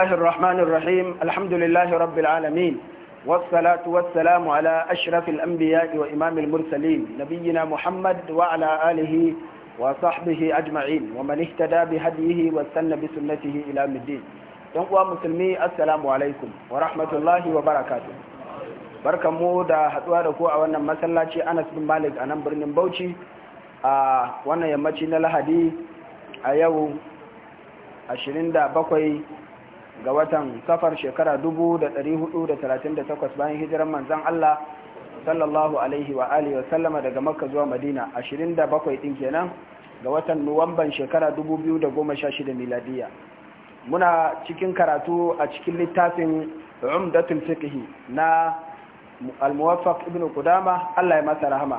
الله الرحمن الرحيم الحمد لله رب العالمين والصلاة والسلام على أشرف الأنبياء وإمام المرسلين نبينا محمد وعلى آله وصحبه أجمعين ومن اهتدى بهديه واستنى بسنته إلى الدين ɗan uwa musulmi assalamu alaikum wa rahmatullahi wa barakatu barkan mu da haɗuwa da ku a wannan masallaci anas bin malik a nan birnin bauchi a wannan yammaci na lahadi a yau 27 ga watan safar shekara 438 bayan hijiran manzan Allah sallallahu alaihi wa alihi wa sallama daga makka zuwa madina 27 din kenan ga watan nuwamban shekara 2016 miladiya muna cikin karatu a cikin littafin umdatul fiqh na al-muwaffaq ibn qudama Allah ya masa rahama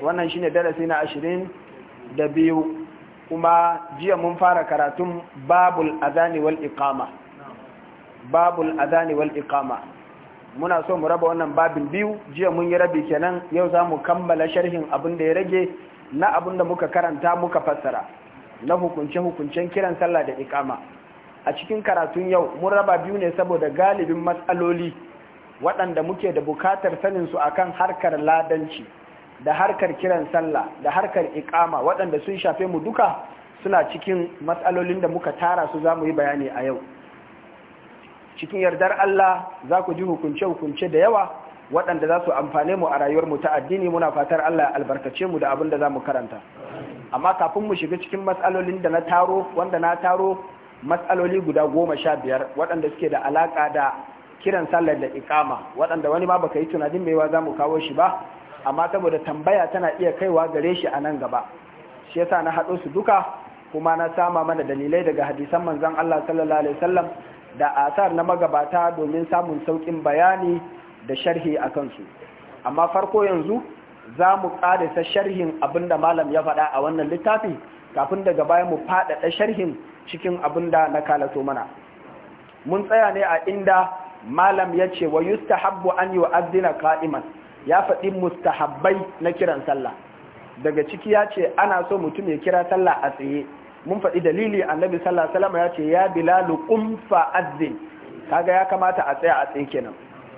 wannan shine darasi na ashirin da biyu kuma jiya mun fara karatun babul azani wal iqama babul adani wal iqama muna so mu raba wannan babin biyu jiya mun yi rabi kenan yau za mu kammala sharhin abin da ya rage na abin da muka karanta muka fassara na hukunce-hukuncen kiran sallah da iqama a cikin karatun yau mun raba biyu ne saboda galibin matsaloli waɗanda muke da bukatar sanin su akan harkar ladanci da harkar kiran sallah da harkar iqama waɗanda sun shafe mu duka suna cikin matsalolin da muka tara su za mu yi bayani a yau cikin yardar Allah za ku ji hukunce-hukunce da yawa waɗanda za su amfane mu a rayuwar mu ta addini muna fatar Allah ya albarkace mu da abin da za mu karanta amma kafin mu shiga cikin matsalolin da na taro wanda na taro matsaloli guda goma sha biyar waɗanda suke da alaƙa da kiran sallar da ikama waɗanda wani ma baka yi tunanin maiwa za mu kawo shi ba amma saboda tambaya tana iya kaiwa gare shi a nan gaba shi yasa na haɗo su duka kuma na sama mana dalilai daga hadisan manzon Allah sallallahu alaihi wasallam da asar na magabata domin samun saukin bayani da sharhi a kansu amma farko yanzu za mu ƙarisa sharhin abinda da malam ya faɗa a wannan littafi kafin daga baya mu faɗaɗa sharhin cikin abin da na kalato mana mun tsaya ne a inda malam ya ce wa yustahabbu an yi azzina ka'iman ya faɗi mustahabbai na kiran sallah daga ciki ya ce ana so mutum ya kira sallah a tsaye mun faɗi dalili annabi sallallahu alaihi wasallam ya ce ya bilalu qum fa azin kaga ya kamata a tsaya a tsaye kenan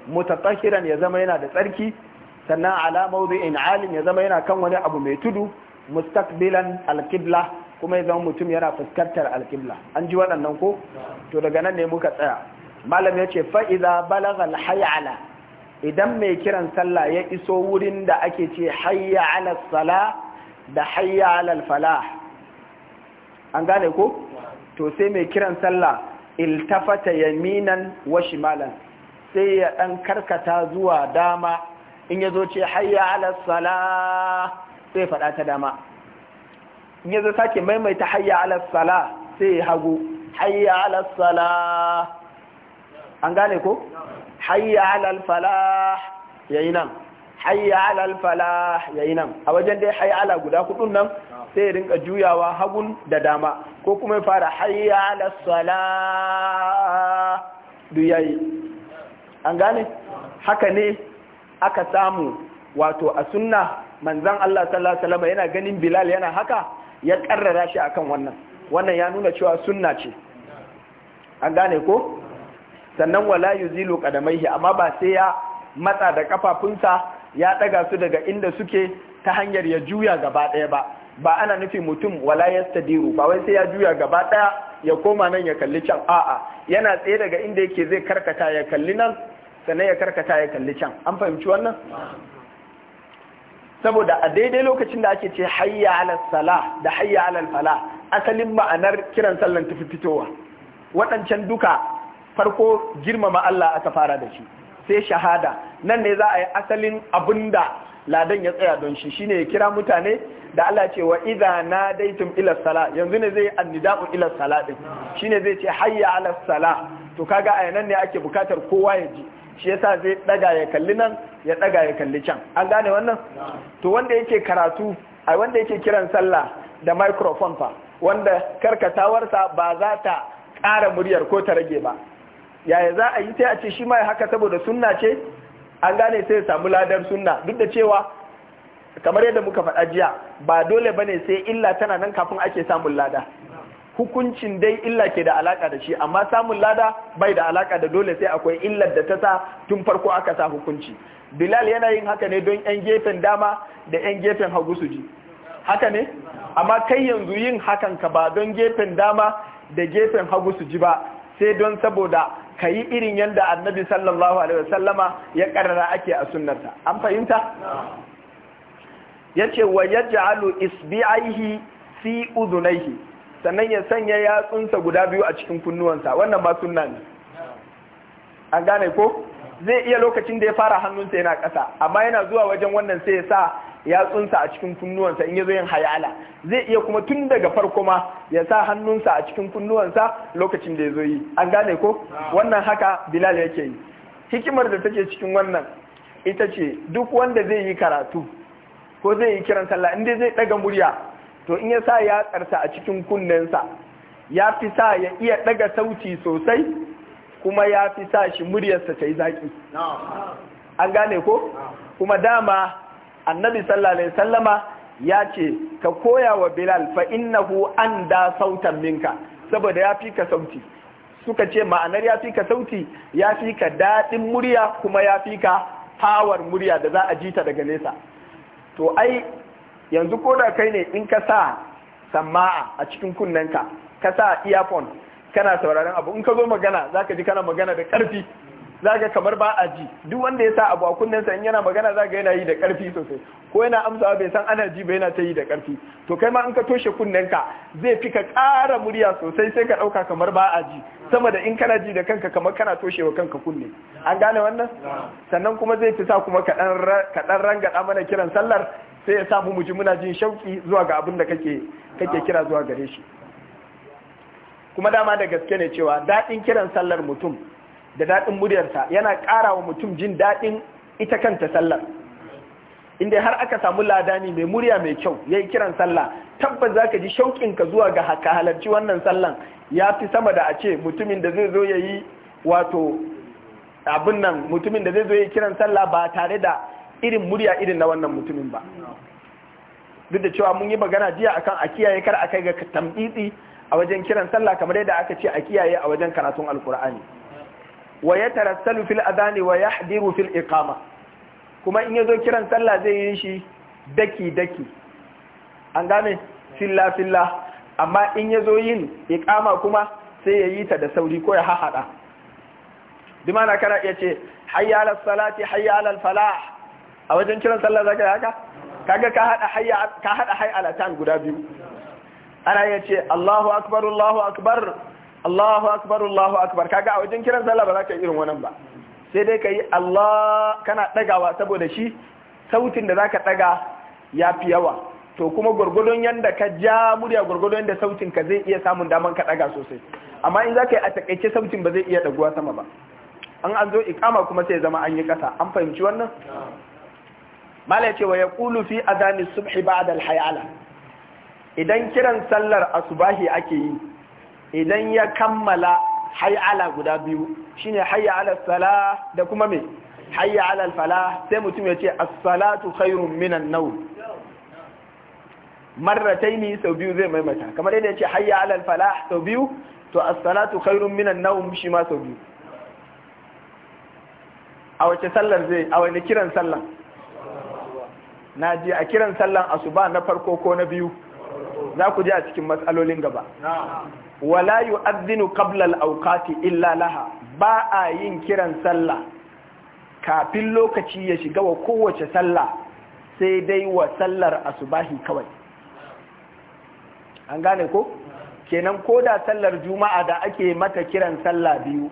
mutatahiran ya zama yana da tsarki sannan ala mawdi'in alim ya zama yana kan wani abu mai tudu mustaqbilan alqibla kuma ya zama mutum yana fuskantar alqibla an ji waɗannan ko to daga nan ne muka tsaya malam ya ce fa idza balagha alhayala idan mai kiran sallah ya iso wurin da ake ce hayya ala sala da hayya ala falah an gane ko to sai mai kiran sallah iltafata yaminan wa shimalan sai ya dan karkata zuwa dama in yazo ce hayya ala salah sai fada ta dama in yazo sake maimaita hayya ala salah sai hagu hayya ala salah an gane ko hayya ala falah yayinan nan hayya alal falah yayi nan a wajen dai hayya ala guda kudun nan sai ya rinka juyawa hagun da dama ko kuma ya fara hayya ala salah an gane haka ne aka samu wato a sunna manzon Allah sallallahu alaihi wasallam yana ganin Bilal yana haka ya karrara shi akan wannan wannan ya nuna cewa sunna ce an gane ko sannan wala yuzilu qadamaihi amma ba sai ya matsa da kafafunsa ya ɗaga su daga inda suke ta hanyar ya juya gaba ɗaya ba ba ana nufi mutum wala yastadiru ba wai sai ya juya gaba ɗaya ya koma nan ya kalli can a'a yana tsaye daga inda yake zai karkata ya kalli nan sannan ya karkata ya kalli can an fahimci wannan saboda a daidai lokacin da ake ce hayya ala sala da hayya ala fala asalin ma'anar kiran sallan tafi fitowa waɗancan duka farko girmama Allah aka fara da shi sai shahada nan ne za a yi asalin abinda ladan ya tsaya don shi shine ya kira mutane da Allah ce wa idza nadaitum ila sala yanzu ne zai annida'u ila sala din shine zai ce hayya ala sala to kaga a nan ne ake bukatar kowa ya ji shi yasa zai daga ya kalli nan ya daga ya kalli can an gane wannan to wanda yake karatu ai wanda yake kiran sallah da microphone fa wanda karkatawarsa ba za ta ƙara muryar ko ta rage ba yaya za a yi sai a ce shi ma ya haka saboda sunna ce an gane sai ya samu ladar sunna duk da cewa kamar yadda muka faɗa jiya ba dole bane sai illa tana nan kafin ake samun lada hukuncin dai illa ke da alaka da shi amma samun lada bai da alaka da dole sai akwai illar da ta sa tun farko aka sa hukunci bilal yana yin haka ne don yan gefen dama da yan gefen hagu su ji haka ne amma kai yanzu yin hakan ka ba don gefen dama da gefen hagu su ji ba sai don saboda ka yi irin yadda annabi sallallahu alaihi wasallama ya karara ake a sunnarsa an fahimta ya ce wa ya ja'alu isbi'aihi fi udunaihi sannan ya sanya yatsunsa guda biyu a cikin kunnuwansa wannan ba sunna ne an gane ko zai iya lokacin da ya fara hannunsa yana ƙasa amma yana zuwa wajen wannan sai ya sa yatsunsa a cikin kunnuwansa in ya zo yin hayala zai iya kuma tun daga farko ma ya sa hannunsa a cikin kunnuwansa lokacin da ya zo yi an gane ko wannan haka bilal yake yi hikimar da take cikin wannan ita ce duk wanda zai yi karatu ko zai yi kiran sallah in dai zai daga murya to in ya sa yatsarsa a cikin kunnensa ya fi sa ya iya ɗaga sauti sosai kuma ya fi sa shi muryarsa ta yi zaƙi an gane ko kuma dama annabi sallallahu alaihi sallama ya ce ka koya wa bilal fa innahu an da sautan minka saboda ya fi ka sauti suka ce ma'anar ya fi ka sauti ya fi ka daɗin murya kuma ya fi ka hawar murya da za a ji ta daga nesa to ai yanzu ko da kai ne in ka sa sama'a a cikin kunnenka ka sa earphone kana sauraron abu in ka zo magana za ka ji kana magana da ƙarfi za ka kamar ba a ji duk wanda ya sa abu a kunnensa in yana magana za yana yi da ƙarfi sosai ko yana amsawa bai san ana ji ba yana ta yi da ƙarfi to kai ma in ka toshe kunnen ka zai fi ka ƙara murya sosai sai ka ɗauka kamar ba a ji sama da in kana ji da kanka kamar kana toshe toshewa kanka kunne an gane wannan sannan kuma zai fi sa kuma ka ɗan mana kiran sallar sai ya sa mu muji muna jin shauki zuwa ga abin da kake kira zuwa gare shi kuma dama da gaske ne cewa daɗin kiran sallar mutum da daɗin muryarsa yana ƙara wa mutum jin daɗin ita kanta sallar inda har aka samu ladani mai murya mai kyau ya yi kiran sallah tabbas za ka ji ka zuwa ga haka halarci wannan sallan ya fi sama da a ce mutumin da zai zo ya yi wato abin nan mutumin da zai zo ya yi kiran sallah ba tare da irin murya irin na wannan mutumin ba duk da cewa mun yi magana jiya akan a kiyaye kar a kai ga tambitsi a wajen kiran sallah kamar yadda aka ce a kiyaye a wajen karatun alkur'ani wa ya tarassalu fil adani wa yahdiru fil iqama kuma in yazo kiran sallah zai yi shi daki daki an gane filla filla amma in yazo yin iqama kuma sai ya yi ta da sauri ko ya hahada bi mana kana iya ce hayya ala salati hayya ala falah a wajen kiran sallah zaka haka kaga ka hada hayya ka hada hayya ala tan guda biyu ana iya ce Allahu akbar Allahu akbar Allahu akbar Allahu akbar kaga a wajen kiran sallah ba za ka irin wannan ba sai dai ka yi Allah kana ɗagawa saboda shi sautin da zaka daga ɗaga ya fi yawa to kuma gwargwadon yanda ka ja murya gwargwadon yadda sautin ka zai iya samun daman ka ɗaga sosai amma in zaka yi a takaice sautin ba zai iya daguwa sama ba an an zo ikama kuma sai zama an yi ƙasa an fahimci wannan mala ya ce wa ya fi adani subhi ba'da al-hayala idan kiran sallar asubahi ake yi idan ya kammala hay'ala guda biyu shine hayya ala salah da kuma me hayya ala falah sai mutum ya ce as-salatu khairun minan nawm marrataini sau biyu zai maimaita kamar yadda ya ce hayya ala falah sau biyu to as-salatu khairun minan nawm shi ma sau biyu a wace sallar zai a wani kiran sallan na ji a kiran sallan asuba na farko ko na biyu za ku ji a cikin matsalolin gaba wala yu'adhdhinu qabla al-awqati illa laha ba a yin kiran sallah kafin lokaci ya shiga wa kowace sallah sai dai wa sallar asubahi kawai an gane ko kenan ko da sallar juma'a da ake mata kiran sallah biyu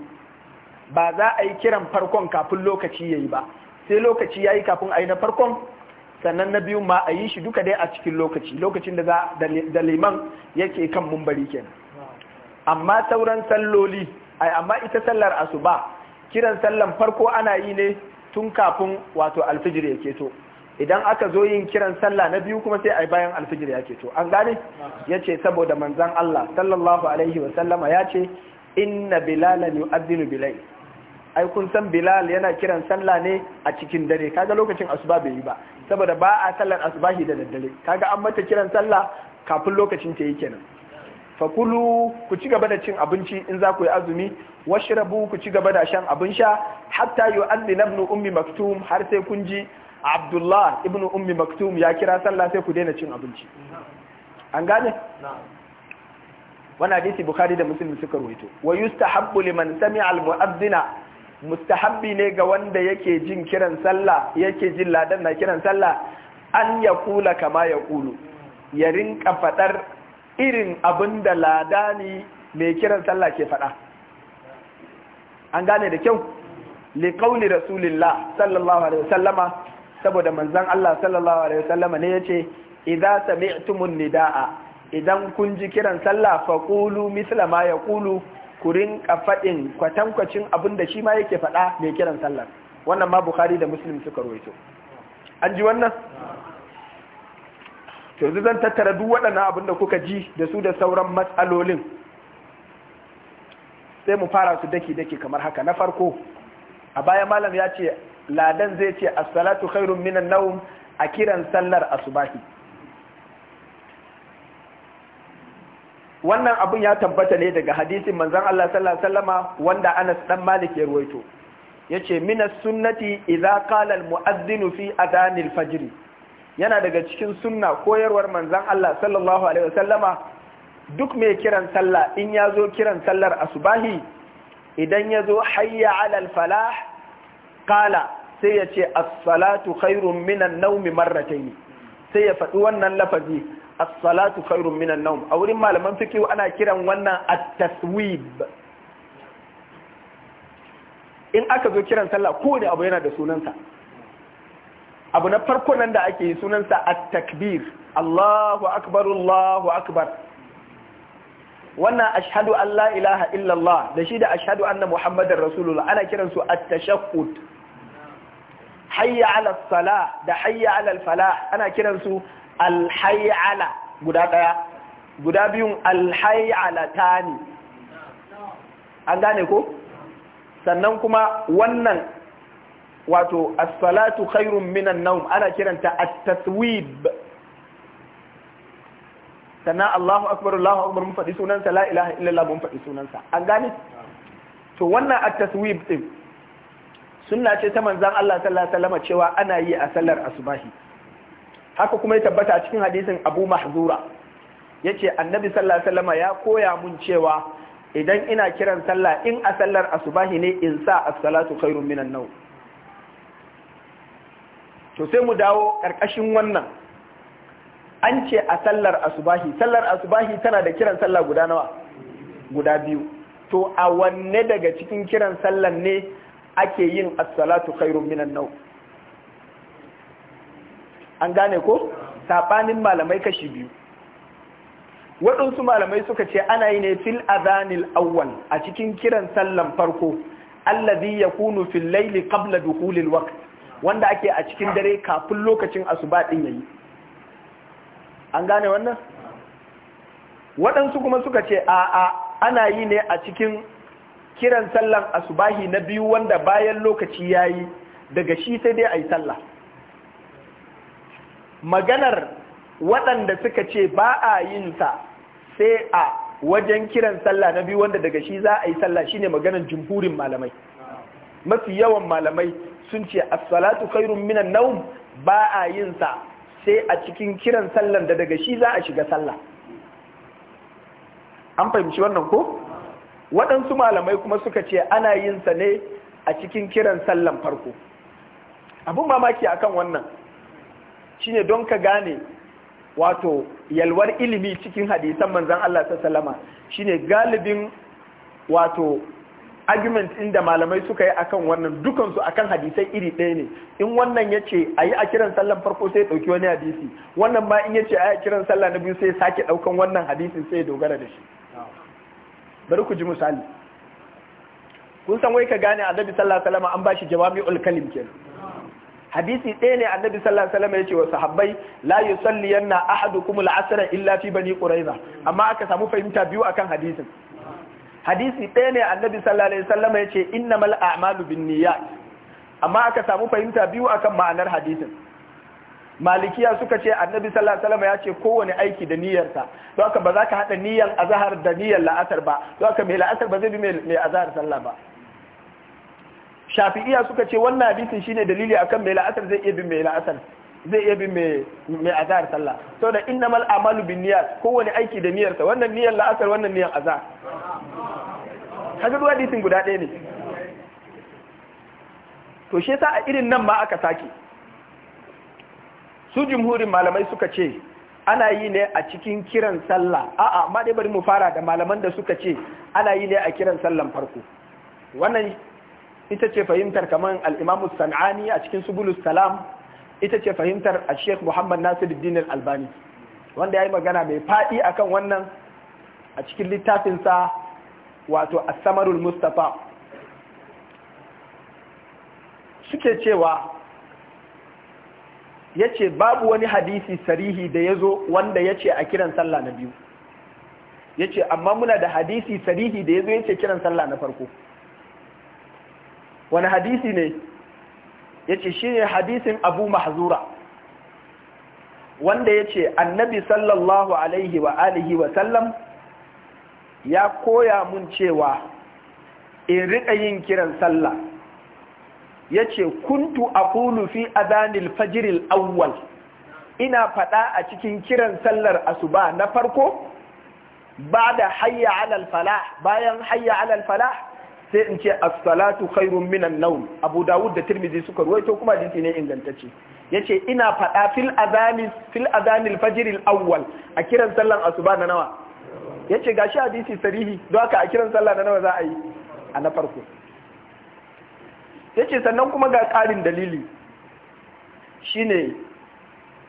ba za a yi kiran farkon kafin lokaci ya yi ba sai lokaci ya yi kafin a yi na farkon sannan na biyu ma a yi shi duka dai a cikin lokaci lokacin da za da liman yake kan mumbari kenan amma sauran salloli ai amma ita sallar asuba kiran sallan farko ana yi ne tun kafin wato alfijir ya keto idan aka zo yin kiran sallah na biyu kuma sai ai bayan alfijir ya keto an gane yace saboda manzon Allah sallallahu alaihi wa sallama yace inna bilalan yu'adhdhinu bilay ai kun san bilal yana kiran sallah ne a cikin dare kaga lokacin asuba bai yi ba saboda ba a sallar asubahi da daddare kaga an mata kiran sallah kafin lokacin ta yi kenan fakulu ku ci gaba da cin abinci in za ku yi azumi washrabu ku ci gaba da shan abin sha hatta yu'adhdhin ibn ummi maktum har sai kun ji Abdullah ibnu ummi maktum ya kira sallah sai ku daina cin abinci an gane wannan hadisi bukhari da muslim suka rawaito wa yustahabbu liman sami'a al-mu'adhdhina mustahabbi ne ga wanda yake jin kiran sallah yake jin ladan na kiran sallah an ya kula kama ya kulu ya rinka fadar irin abin da ladani mai kiran sallah ke fada an gane da kyau liƙauli rasulillah sallallahu alaihi wasallama saboda manzon Allah sallallahu alaihi wasallama ne yace idza sami'tumun nidaa idan kun ji kiran sallah fa Kulu misla ma yaqulu Kurin rinka faɗin kwatankwacin abin da shi ma yake faɗa mai kiran sallar wannan ma bukhari da muslim suka rawaito an ji wannan yanzu zan tattara duk waɗannan abin da kuka ji da su da sauran matsalolin sai mu fara su daki-daki kamar haka na farko a baya malam ya ce ladan zai ce as-salatu khairun minan nawm a kiran sallar asubahi wannan abin ya tabbata ne daga hadisin manzan Allah sallallahu alaihi wasallama wanda Anas dan Malik ya ruwaito yace minas sunnati idza qala al mu'adhdhin fi adanil fajr yana daga cikin sunna koyarwar manzan Allah sallallahu alaihi wasallama duk mai kiran sallah in ya zo kiran sallar asubahi idan ya zo hayya alal falah qala sai ya ce as-salatu khairun minan nawmi marratayn sai ya faɗi wannan lafazi as-salatu khairun minan a wurin malaman fiqh ana kiran wannan at-taswib in aka zo kiran sallah kowane abu yana da sunansa abu na farko nan da ake sunansa at-takbir Allahu akbar Allahu akbar wannan ashhadu an la ilaha illallah da shi da ashhadu anna muhammadar rasulullah ana kiran su at-tashahhud hayya ala salah da hayya ala falah ana kiran su Alhayala guda ɗaya guda biyun alhai'alata ne an gane ko sannan kuma wannan wato as-salatu khairun minan naum ana kiranta at-taswib sannan Allahu akbar Allahu akbar mun faɗi sunansa la ilaha illallah mun faɗi sunansa an gane to wannan at-taswib din sunna ce ta manzon Allah sallallahu alaihi wasallam cewa ana yi a sallar asubahi haka kuma ya tabbata a cikin hadisin abu mahzura ya ce annabi sallallahu alaihi ya koya mun cewa idan ina kiran sallah in a sallar asubahi ne in sa as-salatu khairun minan nau. to sai mu dawo ƙarƙashin wannan an ce a sallar asubahi sallar asubahi tana da kiran sallah guda nawa guda biyu to a wanne daga cikin kiran sallan ne ake yin as-salatu khairun minan nau? an gane ko saɓanin malamai kashi biyu waɗansu malamai suka ce ana yi ne fil azanil awwal a cikin kiran sallan farko allazi yakunu fil laili qabla dukhulil waqt wanda ake a cikin dare kafin lokacin asuba din yayi an gane wannan waɗansu kuma suka ce a a ana yi ne a cikin kiran sallan asubahi na biyu wanda bayan lokaci yayi daga shi sai dai ayi sallah maganar waɗanda suka ce ba a yin sa sai a wajen kiran sallah na biyu wanda daga shi za a yi sallah shine maganar jumhurin malamai mafi yawan malamai sun ce as-salatu khairun minan nawm ba a yin sa sai a cikin kiran sallan da daga shi za a shiga sallah an fahimci wannan ko waɗansu malamai kuma suka ce ana yin sa ne a cikin kiran sallan farko Abin mamaki akan wannan shine don ka gane wato yalwar ilimi cikin hadisan manzan Allah ta salama shine galibin wato argument inda malamai suka yi akan wannan dukansu akan hadisai iri ɗaya ne in wannan ya ce a yi a kiran sallan farko sai ɗauki wani hadisi wannan ma in ya ce a yi a kiran sallah na biyu sai sake ɗaukan wannan hadisin sai dogara da shi bari ku ji misali kun san wai ka gane annabi sallallahu alaihi wasallam an bashi jawami'ul kalim kenan hadisi ɗaya ne annabi sallallahu alaihi wasallam ya ce wa sahabbai la yusalliyanna ahadukum al-asr illa fi bani quraiza amma aka samu fahimta biyu akan hadisin hadisi ɗaya ne annabi sallallahu alaihi wasallam ya ce innamal a'malu binniyat amma aka samu fahimta biyu akan ma'anar hadisin malikiya suka ce annabi sallallahu alaihi wasallam ya ce kowane aiki da niyyarsa don haka ba za ka hada niyyar azhar da niyyar la'asar ba don haka mai la'asar ba zai bi mai azhar sallah ba shafi'iya suka ce wannan hadisin shine dalili akan mai la'asar zai iya bin mai la'asar zai iya bin mai azar sallah saboda innamal amalu bin niyyat kowane aiki da niyyarsa wannan niyyar la'asar wannan niyyar azhar kaga duk hadisin guda ɗaya ne to shi yasa a irin nan ma aka sake su jumhurin malamai suka ce ana yi ne a cikin kiran sallah a'a ma dai bari mu fara da malaman da suka ce ana yi ne a kiran sallan farko wannan ita ce fahimtar kamar al’imamu sanani a cikin Subulus Salam ita ce fahimtar a Sheikh Muhammad Nasiruddin Al-Albani wanda ya yi magana mai fadi kan wannan a cikin littafinsa wato a samarul Mustapha. suke cewa yace babu wani hadisi sarihi da ya zo wanda yace a kiran sallah na biyu yace amma muna da hadisi sarihi da ya yazo yace kiran sallah na farko wani hadisi ne shi shine hadisin Abu Mahzura wanda yace Annabi sallallahu alaihi wa alihi wa sallam ya koya mun cewa in riƙa yin kiran sallah yace kuntu a fi adanil fajiril awwal ina faɗa a cikin kiran sallar asuba na farko ba da hayya alal fala bayan hayya alal falah sai in ce as-salatu khairun minan nawm Abu Dawud da Tirmidhi suka ruwaito kuma hadisi ne ingantacce yace ina fada fil adani fil adanil fajr al-awwal a kiran sallan asuba na nawa yace gashi hadisi sarihi don haka a kiran sallah na nawa za a yi a na farko yace sannan kuma ga ƙarin dalili shine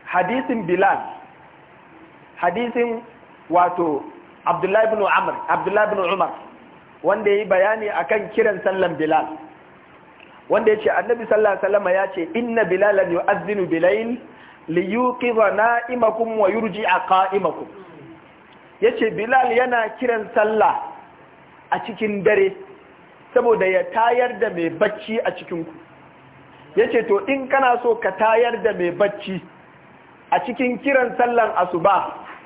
hadisin Bilal hadisin wato Abdullahi ibn Amr Abdullahi ibn Umar wanda yi bayani akan kiran sallan Bilal wanda ya ce Annabi sallallahu alaihi wasallam yace inna bilalan Bilal, li liyuqiza na'imakum wa yurji'a Ya yace Bilal yana kiran salla a cikin dare saboda ya tayar da mai bacci a cikin ku yace to in kana so ka tayar da mai bacci a cikin kiran sallan asuba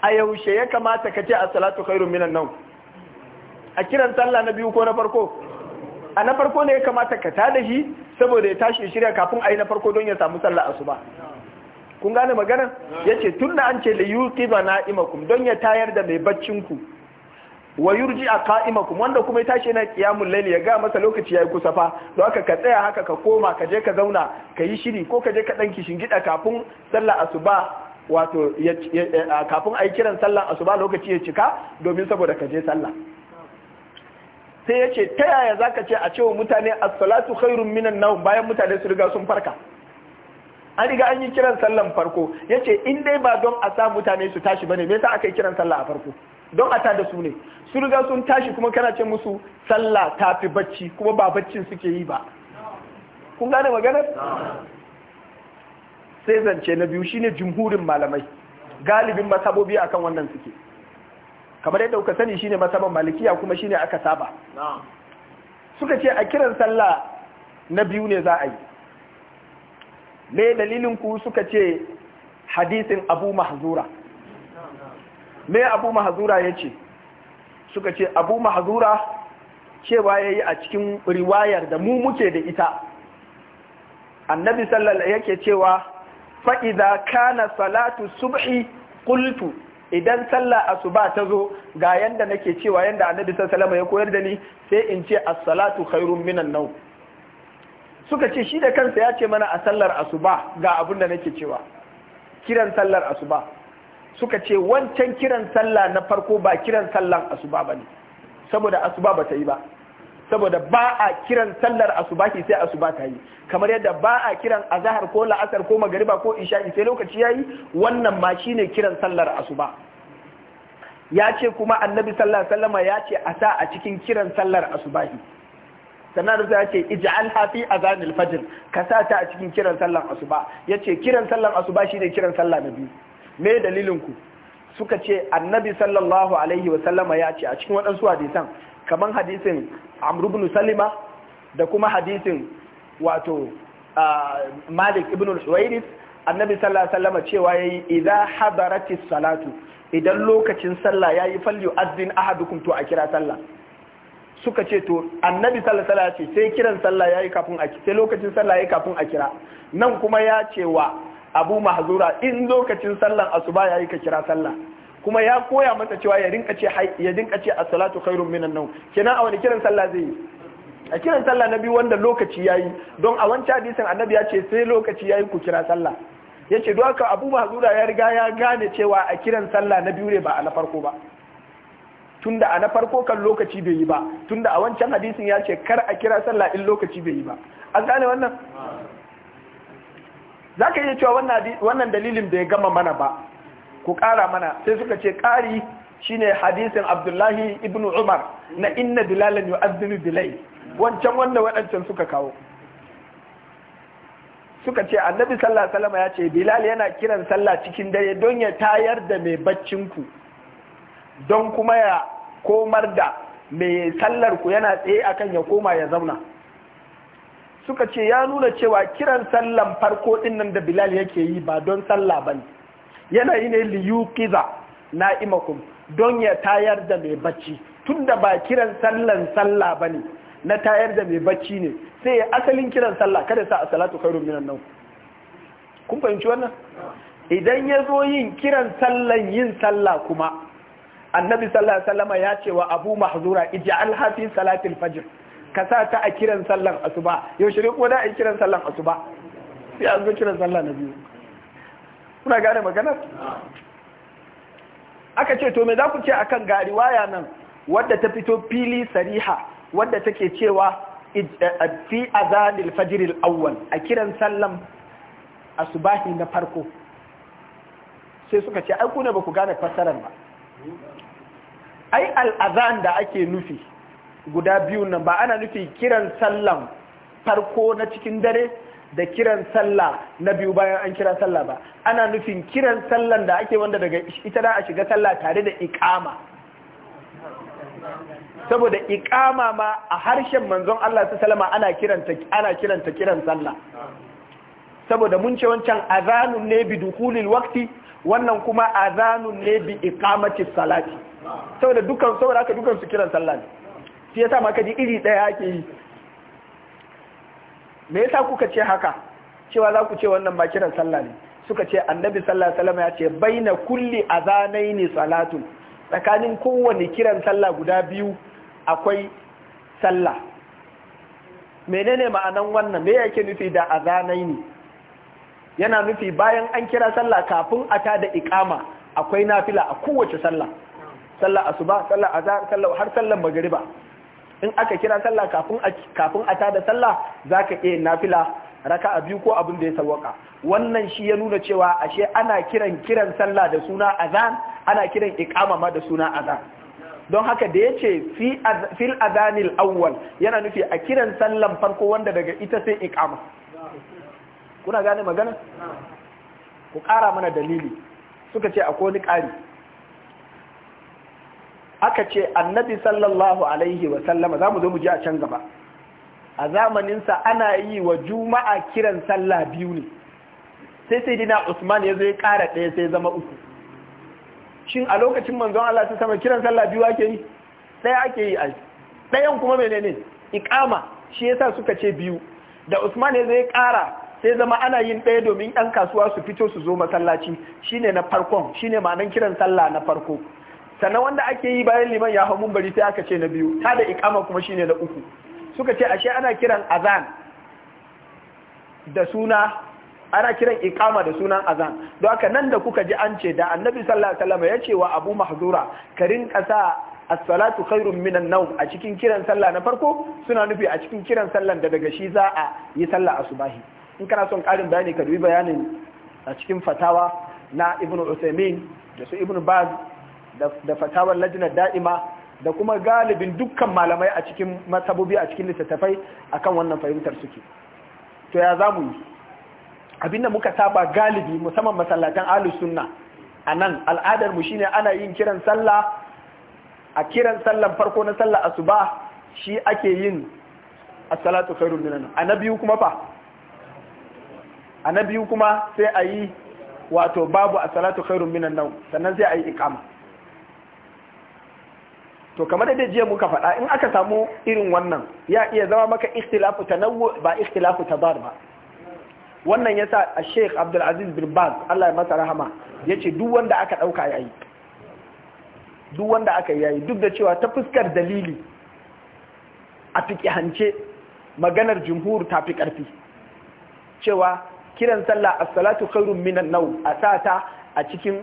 a yaushe ya kamata ka ce as-salatu khairu minan nawm a kiran sallah na biyu ko na farko a na farko ne ya kamata ka tada shi saboda ya tashi shirya kafin a yi na farko don ya samu sallah asuba kun gane magana Ya ce tun da an ce da yi li yuqiba na'imakum don ya tayar da mai baccin ku wa yurji a ka'imakum wanda kuma ya tashi yana kiyamun laili ya ga masa lokaci ya yi kusa fa don haka ka tsaya haka ka koma ka je ka zauna ka yi shiri ko ka je ka kishin gida kafin sallah asuba wato kafin a yi kiran sallah asuba lokaci ya cika domin saboda ka je sallah sai ya ce ta yaya za ka ce a cewa mutane a salatu khairun minan nawm bayan mutane su riga sun farka an riga an yi kiran sallan farko ya ce in dai ba don a sa mutane su tashi bane me yasa aka yi kiran sallah a farko don a tada su ne su riga sun tashi kuma kana ce musu sallah ta fi bacci kuma ba baccin suke yi ba kun gane maganar sai zance na biyu shine jumhurin malamai galibin masabobi akan wannan suke kamar yadda kuka sani shine masaban malikiya kuma shine aka saba suka ce a kiran sallah na biyu ne za a yi me dalilin ku suka ce hadisin abu mahzura me abu mahzura ya ce suka ce abu mahzura cewa ya yi a cikin riwayar da mu muke da ita annabi sallallahu yake cewa fa'iza kana salatu subhi qultu idan sallah asuba ta zo ga yanda nake cewa yanda annabi sallallahu ya koyar da ni sai in ce as-salatu khairum minan naw suka ce shi da kansa ya ce mana a sallar asuba ga abin da nake cewa kiran sallar asuba suka ce wancan kiran sallah na farko ba kiran sallan asuba bane saboda asuba ba ta yi ba saboda ba a kiran sallar asubahi sai asuba ta yi kamar yadda ba a kiran azahar ko la'asar ko magariba ko isha'i sai lokaci yayi wannan ma shine kiran sallar asuba ya ce kuma annabi sallallahu alaihi wasallama ya ce a sa a cikin kiran sallar asubahi sannan da ya ce ij'al hafi azanil fajr ka sa ta a cikin kiran sallar asuba yace kiran sallar asuba shine kiran sallah na biyu me dalilin ku suka ce annabi sallallahu alaihi wasallama ya ce a cikin waɗansu hadisan kamar hadisin amru ibn salima da kuma hadisin wato malik ibn al-huwairis annabi sallallahu alaihi wasallama cewa yayi idza hadaratis salatu idan lokacin sallah yayi falyu azzin ahadukum to a kira sallah suka ce to annabi sallallahu alaihi wasallam ya ce sai kiran sallah yayi kafin a sai lokacin sallah yayi kafin a kira nan kuma ya ce wa abu mahzura in lokacin sallan asuba yayi ka kira sallah kuma ya koya masa cewa ya rinka ce ya rinka ce as-salatu khairun minan nawm kenan a wani kiran sallah zai yi a kiran sallah na wanda lokaci yayi don a wancan hadisin annabi ya ce sai lokaci yayi ku kira sallah ya ce haka abu mahzura ya riga ya gane cewa a kiran sallah na biyu ne ba a na farko ba tunda a na farko kan lokaci bai yi ba tunda a wancan hadisin ya ce kar a kira sallah in lokaci bai yi ba an gane wannan za ka iya cewa wannan dalilin da ya gama mana ba ku kara mana sai suka ce shi shine hadisin abdullahi ibn umar na inna bilalan azini bilai wancan wanda waɗancan suka kawo suka ce annabi sallallahu alaihi ya ce bilal yana kiran sallah cikin dare don ya tayar da mai baccin ku don kuma ya komar da mai sallar ku yana tsaye akan ya koma ya zauna suka ce ya nuna cewa kiran sallan farko din nan da bilal yake yi ba don sallah ne. yana yi ne liyuqiza Na'imakun don ya tayar da mai bacci tunda ba kiran sallan sallah ne na tayar da mai bacci ne sai asalin kiran sallah kada sa a salatu khairun minan nan kun fahimci wannan idan ya zo yin kiran sallan yin sallah kuma annabi sallallahu alaihi wasallama ya ce wa abu mahzura ij'al hafi salatil fajr ka sa ta a kiran sallan asuba yaushe ne ko da a kiran sallan asuba sai an zo kiran sallah na biyu kuna gane magana aka ce to me za ku ce akan gari waya nan wadda ta fito fili sariha wadda take cewa eh, eh, fi azanil fajr awwal a kiran sallan asubahi na farko sai suka ce ai ku ne ba ku gane fassarar ba ai al'azan da ake nufi guda biyu nan ba ana nufi kiran sallan farko na cikin dare da kiran sallah na biyu bayan an kira sallah ba ana nufin kiran sallan da ake wanda daga ita da a shiga sallah tare da ikama saboda ikama ma a harshen manzon Allah Ta salama ana kiranta ana kiran sallah saboda mun ce wancan azanun ne bi dukulil waqti wannan kuma azanun ne bi iqamati salati saboda dukan saboda haka dukan su kiran sallah ne shi sa ma kaji iri ɗaya ake yi me yasa kuka ce haka cewa za ku ce wannan ba kiran sallah ne suka ce annabi sallah salama ya ce baina kulli ne salatun tsakanin kowane kiran sallah guda biyu akwai sallah menene ma'anan wannan me yake nufi da ne? yana nufi bayan an kira sallah kafin a ta da ikama, akwai nafila a kowace sallah sallah asuba sallah azhar sallah har sallar magriba in aka kira sallah kafin a kafin a tada sallah zaka iya nafila raka biyu ko abin da ya sawwaka wannan shi ya nuna cewa ashe ana kiran kiran sallah da suna azan ana kiran iqama ma da suna azan don haka da yace ce fil azanil awwal yana nufi a kiran sallan farko wanda daga ita sai iqama kuna gane magana ku kara mana dalili suka ce akwai wani ƙari aka ce annabi sallallahu alaihi wasallama za mu zo mu ji a can gaba a zamaninsa ana yi wa juma'a kiran sallah biyu ne sai sai dina usman ya zo ya kara ɗaya sai zama uku shin a lokacin manzon Allah sai sama kiran sallah biyu ake yi ɗaya ake yi a ɗayan kuma menene iqama shi yasa suka ce biyu da usman ya zo ya kara sai zama ana yin ɗaya domin ɗan kasuwa su fito su zo masallaci shine na farkon shine ma'anan kiran sallah na farko sannan wanda ake yi bayan liman ya hau mumbari sai aka ce na biyu ta da ikama kuma shine na uku suka ce ashe ana kiran azan da suna ana kiran ikama da sunan azan don haka nan da kuka ji an ce da annabi sallallahu alaihi wasallam ya ce wa abu mahzura karin kasa as-salatu khairun minan nawm a cikin kiran sallah na farko suna nufi a cikin kiran sallan da daga shi za a yi sallah asubahi in kana son karin bayani ka dubi bayanin a cikin fatawa na ibnu usaimin da su ibnu baz da fatawar lajinar da'ima da kuma galibin dukkan malamai a cikin matsabobi a cikin littattafai a kan wannan fahimtar suke to ya za mu yi abinda muka saba galibi musamman masallatan ahlus sunna a nan al'adarmu mu shine ana yin kiran sallah a kiran sallan farko na sallah ba shi ake yin a salatu a minan biyu kuma fa A na biyu kuma sai ayi wato babu a salatu kairu minan nau sannan sai ayi ikama to kamar da jiya muka faɗa in aka samu irin wannan ya iya zama maka ikhtilafu tanawwu ba ta tadar ba wannan yasa a Sheikh Abdulaziz Aziz bin Baz Allah ya masa rahama yace duk wanda aka ɗauka yayi duk wanda aka yi, duk da cewa ta fuskar dalili a hance maganar jumhur ta fi karfi cewa kiran sallah as-salatu kairun minan nau a sata a cikin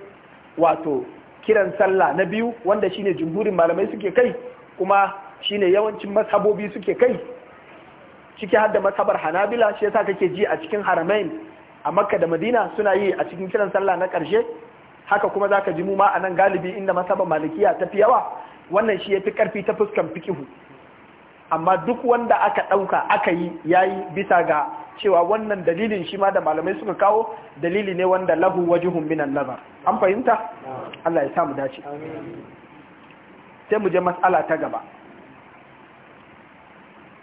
wato kiran sallah na biyu wanda shine jumhurin malamai suke kai kuma shine yawancin mashabobi suke kai ciki har da mashabar hanabila shi yasa kake ji a cikin haramain a makka da madina suna yi a cikin kiran sallah na karshe haka kuma za ka ji mu ma a nan galibi inda mashabar malikiya ta fi yawa wannan shi ya fi karfi ta fuskan fikihu amma duk wanda aka ɗauka aka yi ya yi bisa ga cewa wannan dalilin shi ma da malamai suka kawo dalili ne wanda lahu wajihun minan nazar an fahimta Allah ya samu dace sai mu je mas'ala ta gaba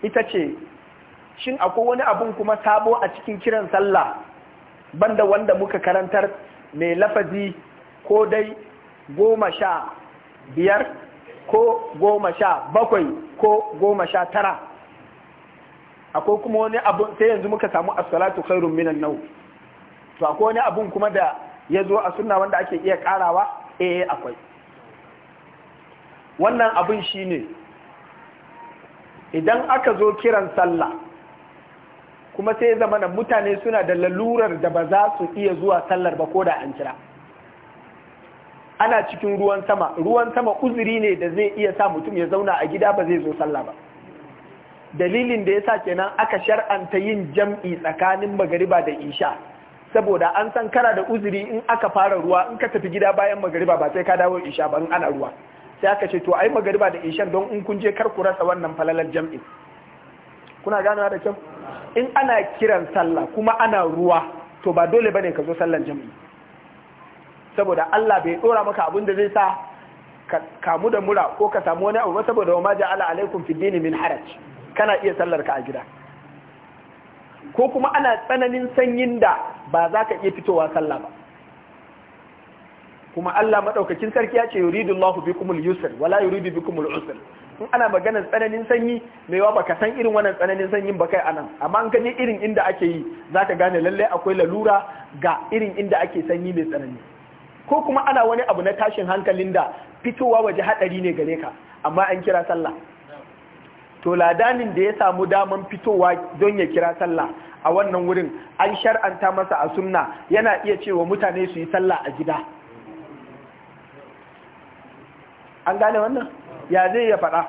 ita ce shin akwai wani abun kuma sabo a cikin kiran sallah banda wanda muka karantar mai lafazi ko dai goma sha biyar ko goma sha bakwai ko goma sha tara akwai kuma wani abu sai yanzu muka samu Asalatu salatu khairun minan nau to akwai wani abun kuma da ya zo a sunna wanda ake iya karawa eh akwai wannan abun shine idan aka zo kiran sallah kuma sai zama da mutane suna da lalurar da ba za su iya zuwa sallar ba ko da an kira ana cikin ruwan sama ruwan sama uzuri ne da zai iya sa mutum ya zauna a gida ba zai zo sallah ba dalilin da ya yasa kenan aka shar'anta yin jam'i tsakanin magariba da isha saboda an san kana da uzuri in aka fara ruwa in ka tafi gida bayan magariba ba sai ka dawo isha ba in ana ruwa sai aka ce to ai magariba da isha don in kun je kar ku rasa wannan falalar jam'i kuna gano da kyau in ana kiran sallah kuma ana ruwa to ba dole bane ka zo sallar jam'i saboda Allah bai dora maka abin da zai sa ka kamu da mura ko ka samu wani abu saboda wa ma ala alaikum kum dini min haraj kana iya sallar ka a gida ko kuma ana tsananin sanyin da ba za ka iya fitowa sallah ba kuma Allah madaukakin sarki ya ce yuridu Allahu bikumul yusr wala yuridu bikumul usr in ana maganar tsananin sanyi mai wa baka san irin wannan tsananin sanyin ba kai anan amma in ka je irin inda ake yi zaka gane lalle akwai lalura ga irin inda ake sanyi mai tsanani ko kuma ana wani abu na tashin hankalin da fitowa waje hadari ne gare ka amma an kira sallah to ladanin da ya samu daman fitowa don ya kira sallah a wannan wurin an shar'anta masa a sunna yana iya cewa mutane su yi sallah a gida an gane wannan ya zai ya faɗa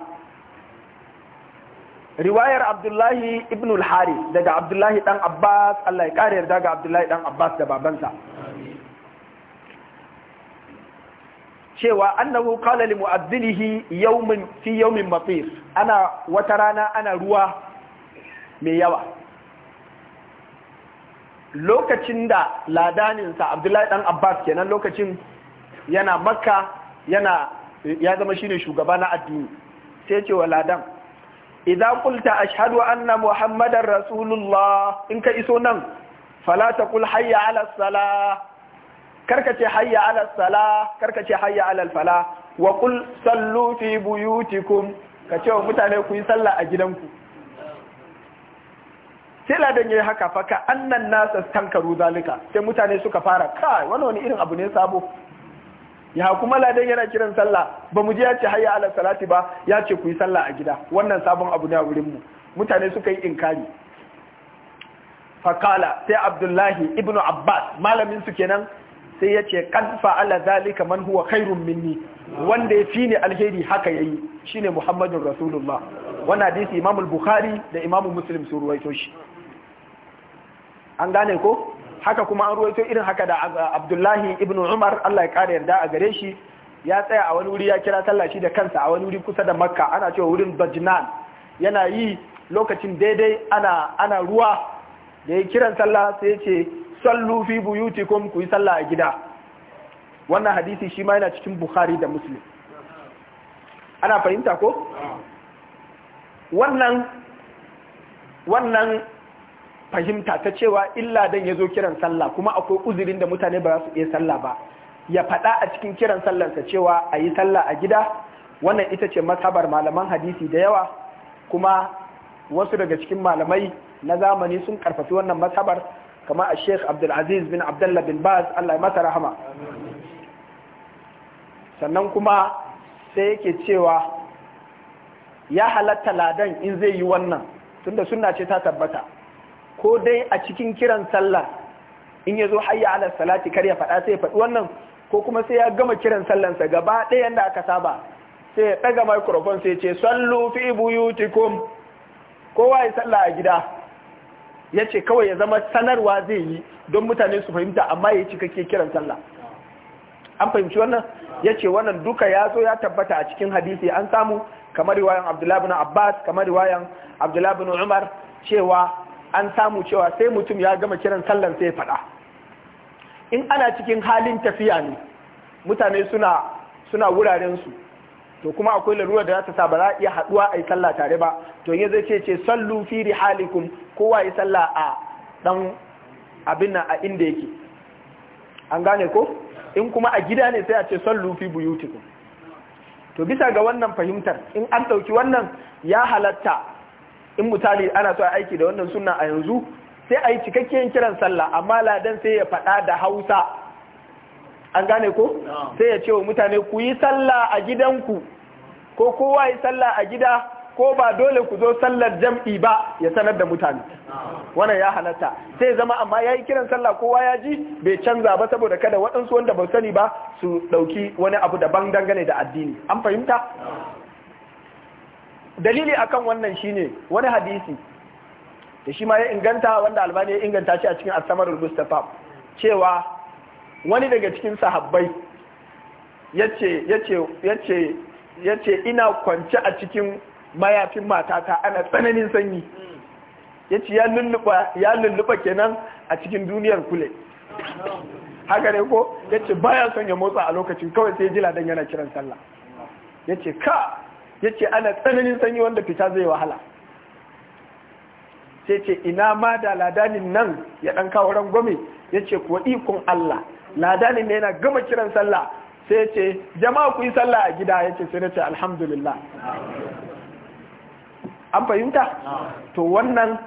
riwayar abdullahi ibn al-hari daga abdullahi dan abbas allah ya kare yarda ga abdullahi dan abbas da babansa cewa annahu qala li mu'adhdhinihi yawmin fi yawmin matir ana wata rana ana ruwa mai yawa lokacin da ladaninsa Abdullahi dan Abbas kenan lokacin yana Makka yana ya zama shine shugaba na addini sai ce wa ladan Idan qulta ashhadu anna muhammadar rasulullah in ka iso nan fala taqul hayya ala salah karka ce hayya ala sala karka ce hayya ala fala wa qul sallu fi buyutikum ka ce wa mutane ku yi sallah a gidanku sai ladan yayi haka fa ka annan nasa tankaru zalika sai mutane suka fara kai wani wani irin abu ne sabo ya kuma ladan yana kiran sallah ba mu ji ya ce hayya ala salati ba ya ce ku yi sallah a gida wannan sabon abu ne a wurin mu mutane suka yi inkari fakala sai abdullahi ibn abbas malamin su kenan sai ya ce kan fa'ala zalika man huwa khairun minni wanda ya fi ne alheri haka yayi shine muhammadun rasulullah wannan hadisi imamul bukhari da imam muslim su ruwaito shi an gane ko haka kuma an ruwaito irin haka da abdullahi ibn umar Allah ya kare yarda a gare shi ya tsaya a wani wuri ya kira tallashi da kansa a wani wuri kusa da makka ana cewa wurin bajnan yana yi lokacin daidai ana ana ruwa da ya kiran sallah sai ya ce sallu fi buyutikum ku yi sallah a gida wannan hadisi shi ma yana cikin bukhari da muslim ana fahimta ko wannan wannan fahimta ta cewa illa dan ya zo kiran sallah kuma akwai uzurin da mutane ba za su iya sallah ba ya faɗa a cikin kiran sallarsa cewa a yi sallah a gida wannan ita ce masabar malaman hadisi da yawa kuma wasu daga cikin malamai na zamani sun karfafi wannan masabar kama a sheikh abdulaziz bin abdullah bin baz allah ya masa rahama sannan kuma sai yake cewa ya halatta ladan in zai yi wannan tunda sunna ce ta tabbata ko dai a cikin kiran sallah in ya zo hayya ala salati kar ya faɗa sai ya faɗi wannan ko kuma sai ya gama kiran sa gaba ɗaya yadda aka saba sai ya ɗaga microphone sai ce sallu fi buyutikum kowa ya salla a gida ya ce kawai ya zama sanarwa zai yi don mutane su fahimta amma ya ci kake kiran sallah an fahimci wannan ya ce wannan duka ya zo ya tabbata a cikin hadisi an samu kamar riwayan abdullahi bin abbas kamar riwayan abdullahi bin umar cewa an samu cewa sai mutum ya gama kiran sallar sai ya faɗa in ana cikin halin tafiya ne mutane suna suna su to kuma akwai larura da za ta sa ba za a iya haduwa a yi sallah tare ba to yanzu zai ce ce sallu fi rihalikum kowa yi sallah a dan abin nan a inda yake an gane ko in kuma a gida ne sai a ce sallu fi buyutikum to bisa ga wannan fahimtar in an dauki wannan ya halatta in mutali ana so a aiki da wannan sunna a yanzu sai a yi cikakken kiran sallah amma ladan sai ya faɗa da Hausa an gane ko sai ya ce wa mutane ku yi sallah a gidanku ko kowa yi sallah a gida ko ba dole ku zo sallar jam'i ba ya sanar da mutane wannan ya halatta sai zama amma ya yi kiran salla kowa ya ji bai canza ba saboda kada waɗansu wanda ba sani ba su ɗauki wani abu daban dangane da addini an fahimta dalili akan wannan shine wani hadisi da shi ma ya inganta wanda albani ya inganta shi a cikin asamarul Mustapha cewa wani daga cikin sahabbai ya ce ina kwance a cikin mayafin matata ana tsananin sanyi ya ce ya lulluɓa kenan a cikin duniyar kule haka ne ko ya ce bayan son ya motsa a lokacin kawai sai jila don yana kiran sallah ya ce ka ya ce ana tsananin sanyi wanda fita zai wahala sai ce ina ma da ladanin nan ya ɗan kawo rangwame ya ce kuwa ikon Allah ladanin ne yana gama kiran sallah sai ce jama'a ku yi sallah a gida ya ce sai na ce alhamdulillah an fahimta to wannan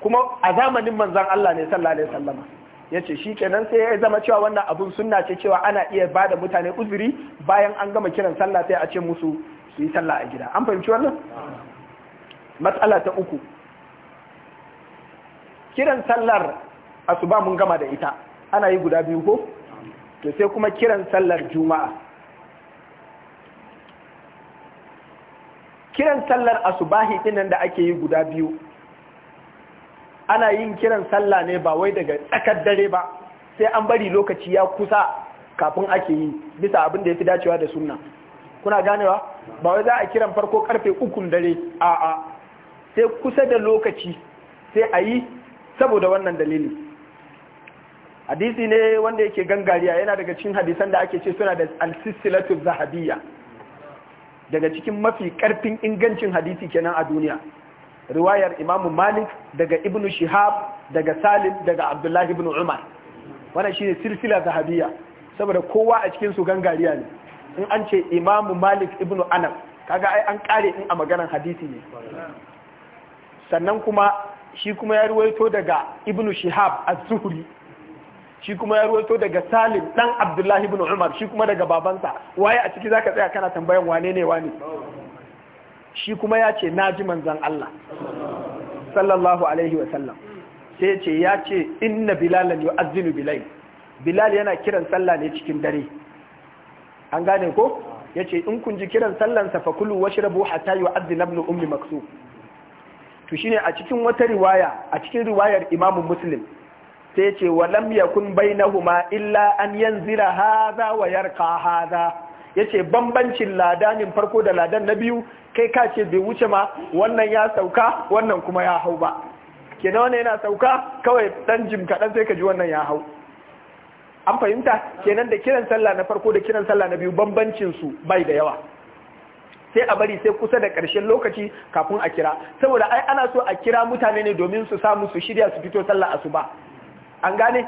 kuma a zamanin manzan Allah ne sallah ne sallama ya ce shi kenan sai ya zama cewa wannan abun sunna ce cewa ana iya ba da mutane uzuri bayan an gama kiran sallah sai a ce musu su yi sallah a gida an fahimci wannan matsala ta uku kiran sallar asuba mun gama da ita ana yi guda biyu ko to sai kuma kiran sallar juma'a kiran sallar asubahi dinnan da ake yi guda biyu ana yin kiran salla ne ba wai daga tsakar dare ba sai an bari lokaci ya kusa kafin ake yi bisa abin da ya fi dacewa da sunna kuna ganewa ba wai za a kiran farko karfe ukun dare A'a sai kusa da lokaci sai a yi saboda wannan dalilin. hadisi ne wanda yake gangariya yana daga cikin hadisan da ake ce suna da al sisilatu zahabiyya daga cikin mafi karfin ingancin hadisi kenan a duniya riwayar imamu malik daga ibnu shihab daga salim daga abdullahi ibnu umar wannan shine silsila zahabiyya saboda kowa a cikin su gangariya ne in an ce imamu malik ibnu anas kaga ai an kare in a maganar hadisi ne sannan kuma shi kuma ya ruwaito daga ibnu shihab az-zuhri shi kuma ya ruwaito daga salim dan abdullahi ibn umar shi kuma daga babansa waye a ciki zaka tsaya kana tambayan wane ne wane shi kuma ya ce na ji manzan Allah sallallahu alaihi wa sallam sai ce ya ce inna bilalan yu'azzinu bilai bilal yana kiran sallah ne cikin dare an gane ko Ya ce in kun ji kiran sallan sa fakulu washrabu hatta yu'azzina ibn ummi maksum to shine a cikin wata riwaya a cikin riwayar imamu muslim sai ce "Wa lam yakun bainahuma illa an yanzira hadha wa yarqa hadha yace bambancin ladanin farko da ladan na biyu kai ka ce bai wuce ma wannan ya sauka wannan kuma ya hau ba kenan wannan yana sauka kawai dan jim kaɗan sai ka ji wannan ya hau an fahimta kenan da kiran sallah na farko da kiran sallah na biyu bambancin su bai da yawa sai a bari sai kusa da ƙarshen lokaci kafin a kira saboda ai ana so a kira mutane ne domin su samu su shirya su fito sallah asuba an gane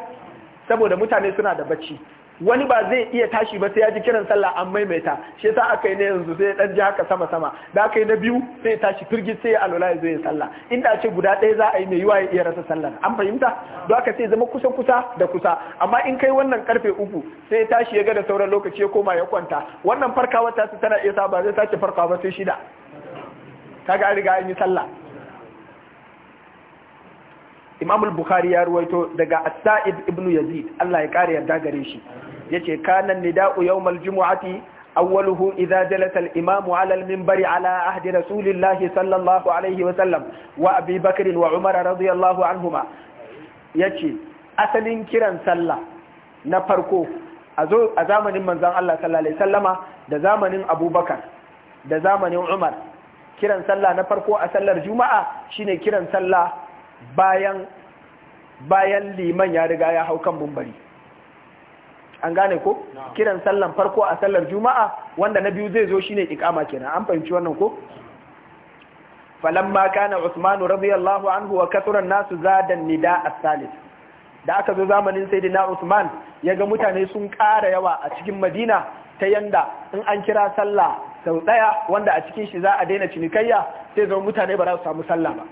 saboda mutane suna da bacci wani ba zai iya tashi ba sai ya ji kiran sallah an maimaita shi yasa aka yi na yanzu sai ya ji haka sama sama da aka yi na biyu sai ya tashi firgit sai ya alola ya zo ya sallah inda a ce guda ɗaya za a yi mai yiwa ya iya rasa sallar an fahimta don haka sai zama kusa kusa da kusa amma in kai wannan karfe uku sai ya tashi ya ga da sauran lokaci ya koma ya kwanta wannan farkawa ta tana iya sa ba zai sake farkawa ba sai shida Ta an riga an yi sallah imam al-bukhari ya ruwaito daga as-sa'id ibn yazid Allah ya kare yarda gare shi yace kana nida'u yawm al-jumu'ati awwaluhu idha jalasa al-imam 'ala al-minbari 'ala ahdi rasulillah sallallahu alayhi wa sallam wa abi bakr wa umar radiyallahu anhuma yace asalin kiran sallah na farko a zamanin manzon Allah sallallahu alaihi wasallama da zamanin abubakar da zamanin umar kiran sallah na farko a sallar juma'a shine kiran sallah bayan bayan liman ya riga ya hau kan bumbari an gane ko kiran sallan farko a sallar juma'a wanda na biyu zai zo shine ikama kenan an fahimci wannan ko falamma kana Usman radiyallahu anhu wa kathuran nasu zadan nida as-salis da aka zo zamanin sayyidina Usman yaga mutane sun kara yawa a cikin Madina ta yanda in an kira sallah sau daya wanda a cikin shi za a daina cinikayya sai zo mutane ba za su samu sallah ba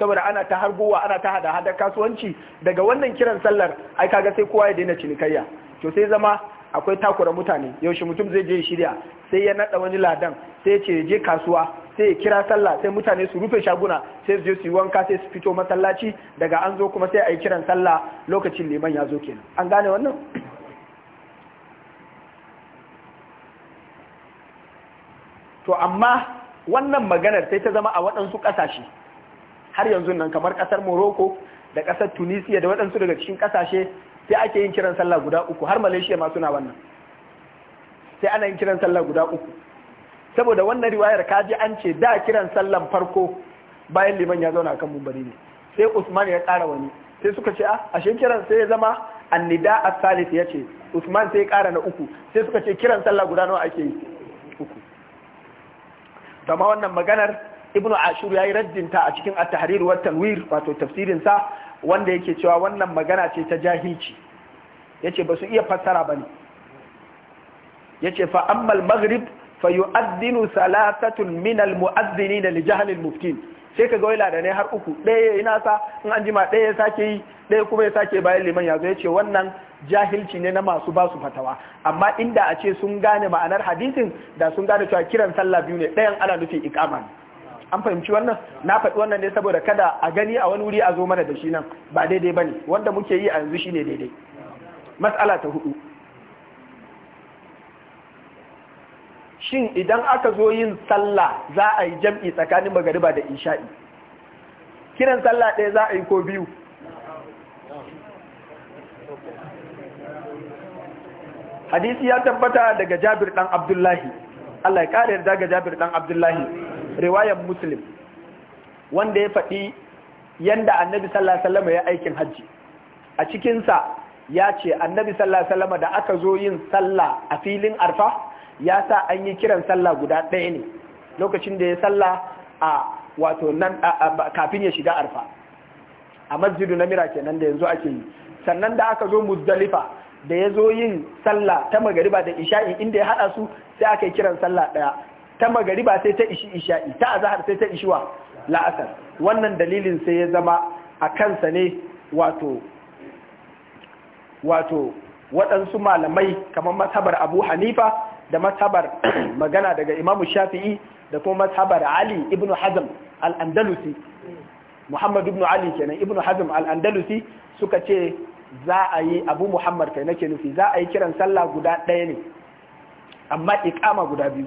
saboda ana ta hargowa ana ta hada hada kasuwanci daga wannan kiran sallar ai kaga sai kowa ya daina cinikayya to sai zama akwai takura mutane yaushe mutum zai je shirya sai ya nada wani ladan sai ya ce je kasuwa sai ya kira sallah sai mutane su rufe shaguna sai su je su yi wanka sai su fito masallaci daga an zo kuma sai a yi kiran sallah lokacin liman ya zo kenan an gane wannan to amma wannan maganar sai ta zama a waɗansu ƙasashe har yanzu nan kamar kasar Morocco da kasar Tunisia da waɗansu daga cikin kasashe sai ake yin kiran sallah guda uku har Malaysia ma suna wannan sai ana yin kiran sallah guda uku saboda wannan riwayar kaji an ce da kiran sallan farko bayan liman ya zauna kan mumbari ne sai Usman ya ƙara wani sai suka ce a ah, ashe kiran sai ya zama annida as-salis ya Usman sai ya ƙara na uku sai suka ce kiran sallah guda nawa ake yi uku amma wannan maganar ibnu ashur yayi raddin ta a cikin at-tahrir wa tanwir wato tafsirin sa wanda yake cewa wannan magana ce ta jahilci yace ba su iya fassara bane yace fa ammal maghrib fayu'addinu salatatun min al-mu'addinin li jahl al-muftin sai kaga wai ladanai har uku ɗaya ya nasa in an jima ɗaya ya sake yi ɗaya kuma ya sake bayan liman ya zo ce wannan jahilci ne na masu basu fatawa amma inda a ce sun gane ma'anar hadisin da sun gane cewa kiran sallah biyu ne ɗayan ana nufin ikama ne an fahimci wannan na faɗi wannan ne saboda kada a gani a wani wuri a zo mana da shi nan ba daidai ba ne. wanda muke yi a yanzu shi ne daidai mas'ala ta hudu shin idan aka zo yin sallah za a yi jam'i tsakanin magariba da isha'i kiran sallah ɗaya za a yi ko biyu hadisi ya tabbata daga jabir ɗan abdullahi Allah ya kare daga jabir ɗan abdullahi riwayan muslim wanda ya faɗi yanda annabi sallallahu alaihi wasallam ya aikin hajji a cikinsa ya ce annabi sallallahu alaihi wasallam da aka zo yin sallah a filin arfa ya sa an yi kiran sallah guda ɗaya ne lokacin da ya sallah a wato nan kafin ya shiga arfa a masjidu na mira kenan da yanzu ake yi sannan da aka zo muzdalifa da ya zo yin sallah ta magariba da isha'i inda ya haɗa su sai aka yi kiran sallah ɗaya ta ba sai ta ishi isha'i ta azahar sai ta ishiwa la'asar wannan dalilin sai ya zama a kansa ne wato waɗansu malamai kamar mazhabar abu hanifa da mazhabar magana daga imamu shafi'i da kuma mazhabar ali ibn hazm al-andalusi muhammad ibn ali kenan ibn hazm al-andalusi suka ce za a yi abu muhammad kai nake nufi za a yi kiran sallah guda ɗaya ne amma iƙama guda biyu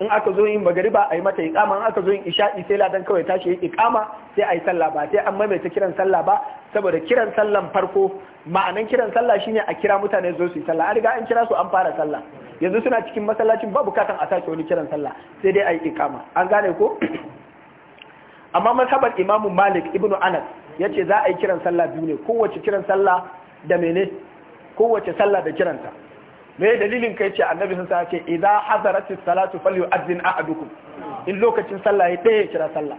in aka zo yin magariba a yi mata iqama in aka zo yin isha'i sai ladan kawai tashi yi iqama sai a yi sallah ba sai an maimaita kiran sallah ba saboda kiran sallan farko ma'anan kiran sallah shine a kira mutane zo su yi sallah an riga an kira su an fara sallah yanzu suna cikin masallacin babu bukatan a sake wani kiran sallah sai dai a yi iqama an gane ko amma masabar imamu malik ibnu anas ya ce za a yi kiran sallah biyu ne kowace kiran sallah da mene kowace sallah da kiranta me dalilin kai ce annabi sun ce idza hadaratis salatu falyu'adhdhin ahadukum in lokacin sallah ya ɗaya kira sallah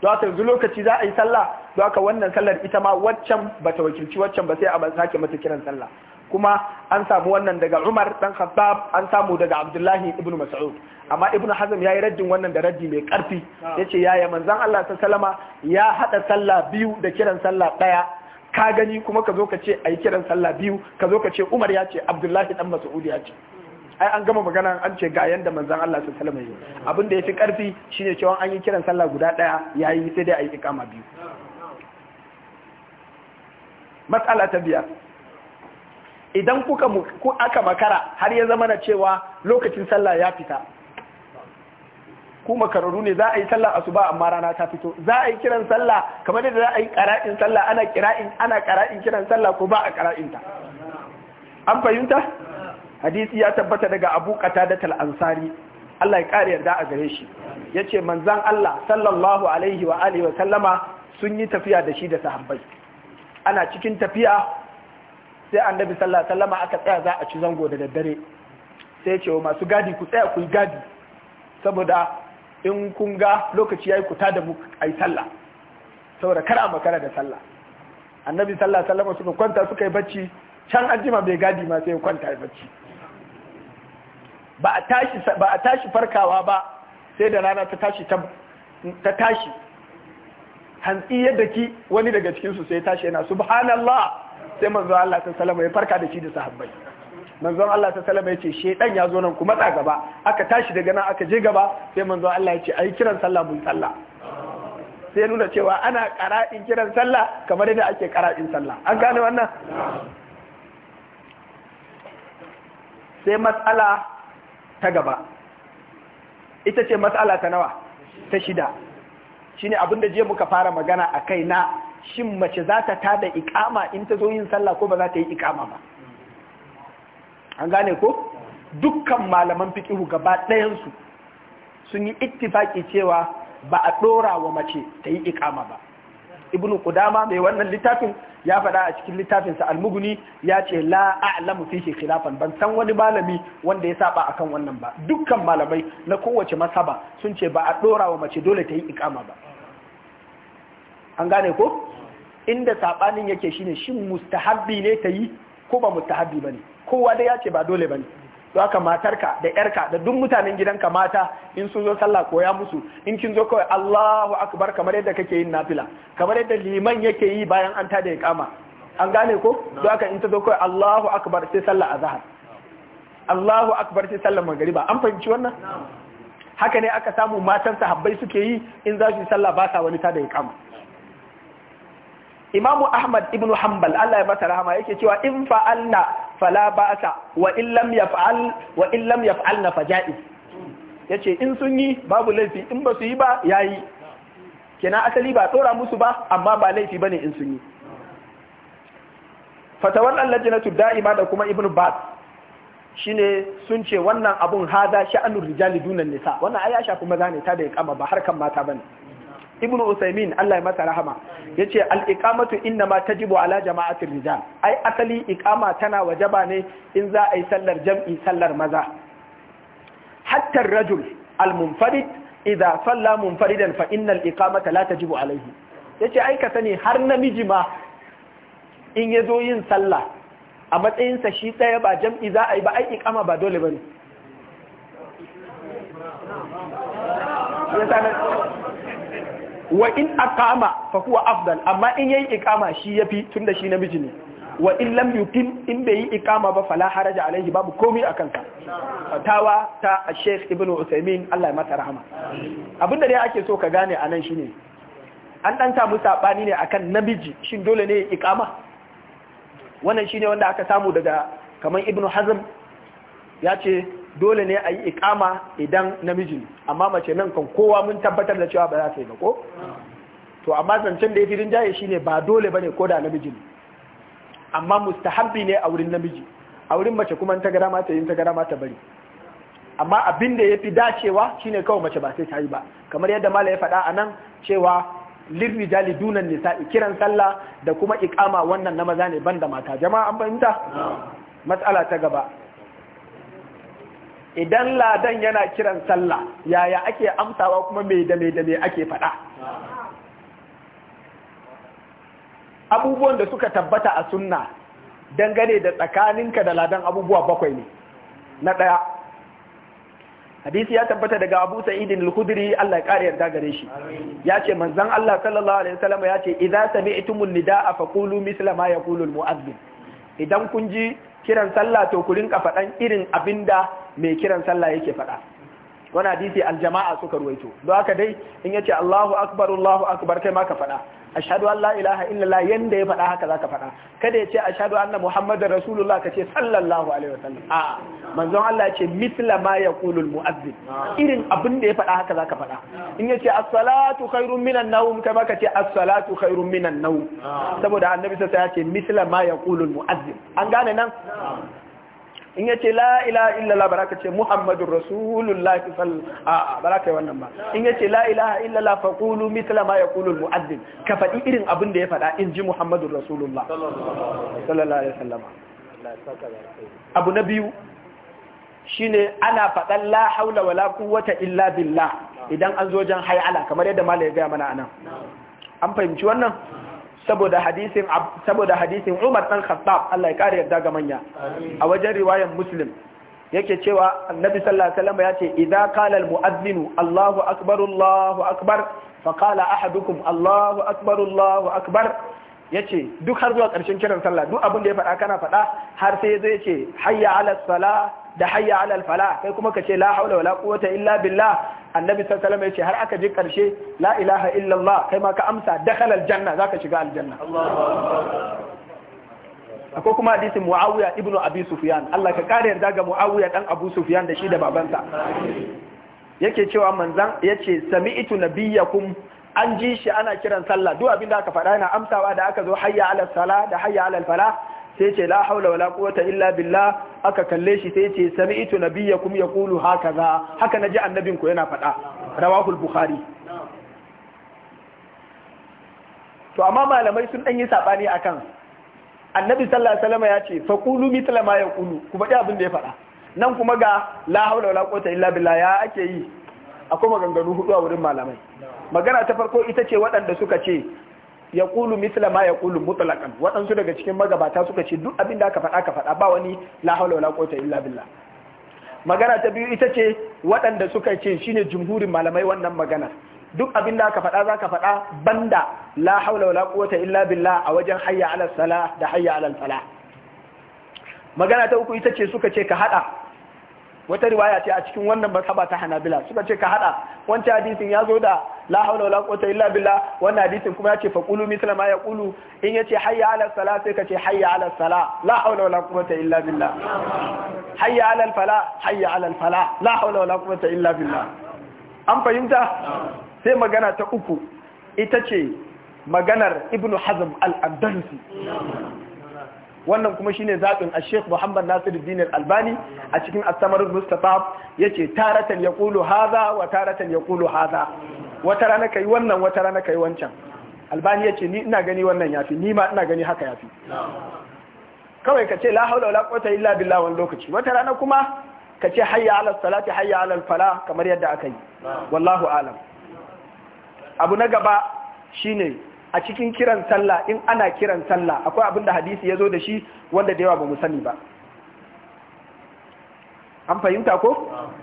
to aka yanzu lokaci za a yi sallah don aka wannan sallar ita ma waccan ba ta wakilci waccan ba sai a sake mata kiran sallah kuma an samu wannan daga Umar dan Khattab an samu daga Abdullahi ibn Mas'ud amma Ibn Hazm yayi raddin wannan da raddi mai karfi yace yaya manzon Allah Sallama ya hada sallah biyu da kiran sallah daya ka gani kuma ka zo ka ce a yi kiran sallah biyu ka zo ka ce Umar ya ce Abdullahi dan Mas'ud ya ce ai an gama magana an ce ga yanda manzon Allah sallallahu alaihi wasallam abin da fi karfi shine cewa an yi kiran sallah guda daya yayi sai dai a yi ikama biyu matsala ta biyar idan kuka aka makara har ya zama na cewa lokacin sallah ya fita ku makararru ne za a yi sallah asuba amma rana ta fito za a yi kiran sallah kamar yadda za a yi qara'in sallah ana qira'in ana qara'in kiran sallah ko ba a qara'in ta an fahimta hadisi ya tabbata daga Abu Qatada tal ansari Allah ya kare yarda a gare shi yace manzan Allah sallallahu alaihi wa alihi wa sallama sun yi tafiya da shi da sahabbai ana cikin tafiya sai annabi sallallahu alaihi wa sallama aka tsaya za a ci zango da daddare sai ya ce wa masu gadi ku tsaya ku yi gadi saboda in kun ga lokaci yi kuta da mu yi sallah saboda kar a makara da sallah annabi sallah sallama suka kwanta suka yi bacci can anjima bai gadi ma sai kwanta ya bacci ba a tashi farkawa ba sai da rana ta tashi ta tashi hantsi yadda ki wani daga cikinsu su sai tashi yana subhanallah sai manzo Allah sallallahu ya farka da shi da sahabbai manzon Allah ta salama ya ce shaidan ya zo nan ku matsa gaba aka tashi daga nan aka je gaba sai manzon Allah ya ce ayi kiran sallah mun sallah sai nuna cewa ana qara'in kiran sallah kamar yadda ake qara'in sallah an gane wannan sai matsala ta gaba ita ce matsala ta nawa ta shida shine abin da je muka fara magana a kai na shin mace za ta tada ikama in ta zo yin sallah ko ba za ta yi ikama ba an gane ko dukkan malaman fikihu gaba ɗayansu sun yi ittifaki cewa ba a ɗora wa mace ta yi ikama ba ibnu kudama mai wannan littafin ya faɗa a cikin littafinsa almuguni ya ce la a'lamu fihi khilafan ban san wani malami wanda ya saba akan wannan ba dukkan malamai na kowace masaba sun ce ba a ɗora wa mace dole ta yi ikama ba an gane ko inda saɓanin yake shine shin mustahabbi ne ta yi ko ba mustahabbi ba ne kowa da ya ce ba dole ba ne. to haka matarka da yarka da duk mutanen gidanka mata in sun zo sallah koya musu in kin zo kawai Allahu akbar kamar yadda kake yin nafila kamar yadda liman yake yi bayan an tada kama an gane ko to haka in ta zo kawai Allahu akbar sai sallah azhar Allahu akbar sai sallah magriba an fahimci wannan haka ne aka samu matan sahabbai suke yi in za su yi sallah ba sa wani tada kama imamu ahmad ibn hanbal Allah ya masa rahama yake cewa in fa'alna fala ba'sa wa in lam yaf'al wa in lam yaf'alna faja'i yace in sun yi babu laifi in ba su yi ba yayi Kina asali ba tsora musu ba amma ba laifi bane in sun yi fatawar allajinatu da'ima da kuma ibn bas shine sun ce wannan abun hada sha'anur rijali dunan nisa wannan ai ya shafi maza ne ta da ya kama ba harkan mata bane ibn usaimin Allah ya masa rahama yace al iqamatu inna ma tajibu ala jama'atir rijal ai asali iqama tana wajaba ne in za a yi sallar jam'i sallar maza hatta rajul al-munfarid idza salla munfaridan fa innal iqamata la tajibu alayhi yace ai ka sani har namiji ma in zo yin sallah a matsayinsa shi ɗaya ba jam'i za a yi ba ai iqama ba dole bane wa in aqama fa huwa afdal amma in yayi iqama shi yafi tunda shi namiji ne wa in lam in bai yi iqama ba fala haraja alaihi babu komai akan sa fatawa ta Sheikh Ibn Uthaymeen Allah ya masa rahama abinda dai ake so ka gane anan shine an dan samu sabani ne akan namiji shin dole ne iqama wannan shine wanda aka samu daga kaman Ibnu Hazm ya ce dole ne a yi ikama idan namiji amma mace nan kan kowa mun tabbatar da cewa ba za ta yi ba to amma zancen da ya fi rinjaye shi ne ba dole ba ne ko da namiji amma mustahabbi ne a wurin namiji a wurin mace kuma ta gara mata yin ta gara mata bari amma abin da ya fi dacewa shi ne kawai mace ba sai ta yi ba kamar yadda mala ya faɗa a nan cewa jali dunan nisa kiran sallah da kuma ikama wannan na maza ne banda mata jama'a an fahimta matsala ta gaba idan ladan yana kiran sallah yaya ake amsawa kuma mai da mai da mai ake faɗa abubuwan da suka tabbata a sunna dangane da tsakaninka da ladan abubuwa bakwai ne na ɗaya hadisi ya tabbata daga abu sa'idin al-khudri Allah ya kare yarda gare shi ya ce manzon Allah sallallahu alaihi wasallam ya ce idza sami'tumun a fakulu misla ma yaqulu al-mu'adhdhin idan kun ji kiran sallah to ku rinka faɗan irin abinda mai kiran sallah yake faɗa wani hadisi aljama'a suka ruwaito don haka dai in ya ce Allahu akbar Allahu akbar kai ma ka faɗa ashhadu an la ilaha illallah yanda ya faɗa haka za ka faɗa kada ya ce ashhadu anna muhammadar rasulullah ka ce sallallahu alaihi wasallam a manzon Allah ya ce misla ma yaqulul muazzin irin abin da ya faɗa haka za ka faɗa in ya ce as-salatu khairun minan nawm kai ma ka ce as-salatu khairun minan nawm saboda annabi sai ya ce misla ma yaqulul muazzin an gane nan in yace la ilaha illallah baraka ce muhammadur rasulullahi sallallahu a baraka wannan ba in yace la ilaha illallah faqulu mithla ma yaqulu almu'azzin ka fadi irin abin da ya fada in ji muhammadur rasulullah sallallahu alaihi wasallam abu na biyu shine ana fadan la haula wala quwwata illa billah idan an zo jan hayala kamar yadda malai ya ga mana anan an fahimci wannan saboda hadisin Umar dan Khattab Allah ya kare yarda ga manya a wajen riwayar Muslim yake cewa Annabi sallallahu alaihi wasallam ya ce idza qala al Allahu akbar Allahu akbar fa qala ahadukum Allahu akbar Allahu akbar ya ce duk har zuwa ƙarshen kiran sallah duk abin da ya faɗa kana faɗa har sai zai ce hayya ala sala da hayya ala fala kai kuma ka ce la haula wala quwwata illa billah annabi sallallahu alaihi ya ce har aka ji ƙarshe la ilaha illallah kai ma ka amsa dakhala aljanna zaka shiga aljanna akwai kuma hadisin muawiya ibnu abi sufyan Allah ka kare yarda ga muawiya dan abu sufyan da shi da babansa yake cewa manzan yace sami'tu nabiyyakum an ji shi ana kiran sallah duk abin da aka faɗa yana amsawa da aka zo hayya ala sala da hayya ala fala sai ce la haula wala quwwata illa billah aka kalle shi sai ce sami'tu nabiyyakum yaqulu hakaza haka naji annabin ku yana faɗa rawahul bukhari to amma malamai sun dan yi sabani akan annabi sallallahu alaihi wasallam ya ce fa qulu mithla ma yaqulu ku faɗi abin da ya faɗa nan kuma ga la haula wala quwwata illa billah ya ake yi akwai maganganu hudu a wurin malamai magana ta farko ita ce waɗanda suka ce ya kulu misla ma ya kulu mutlaqan waɗansu daga cikin magabata suka ce duk abin da aka faɗa ka faɗa ba wani la haula wala quwwata illa billah magana ta biyu ita ce waɗanda suka ce shine jumhurin malamai wannan magana duk abin da aka faɗa za ka faɗa banda la haula wala quwwata illa billah a wajen hayya ala Sala da hayya ala Sala. magana ta uku ita ce suka ce ka haɗa. wata riwaya ce a cikin wannan masaba ta hanabila suka ce ka hada wancan hadisin ya zo da la haula wala quwwata illa billah wannan hadisin kuma ya ce faqulu mithla ma yaqulu in yace hayya ala sala sai ka ce hayya ala sala la haula wala quwwata illa billah hayya ala al fala hayya ala al fala la haula wala quwwata illa billah an fahimta sai magana ta uku ita ce maganar ibnu hazm al-andalusi wannan kuma shine zaɓin a sheikh muhammad dinar albani a cikin asamarin mustapha ya ce taratan ya ƙulu haza wa taratan ya ƙulu haza wata rana ka yi wannan wata rana ka yi wancan albani ya ce ni ina gani wannan ya ni ma ina gani haka ya fi. kawai ka ce la haula wala quwwata illa billah wani lokaci wata rana kuma ka ce hayya ala salati hayya ala fala kamar yadda aka yi wallahu alam abu na gaba shine a cikin kiran sallah in ana kiran sallah akwai abin da hadisi ya zo da shi wanda da yawa ba mu sani ba an fahimta ko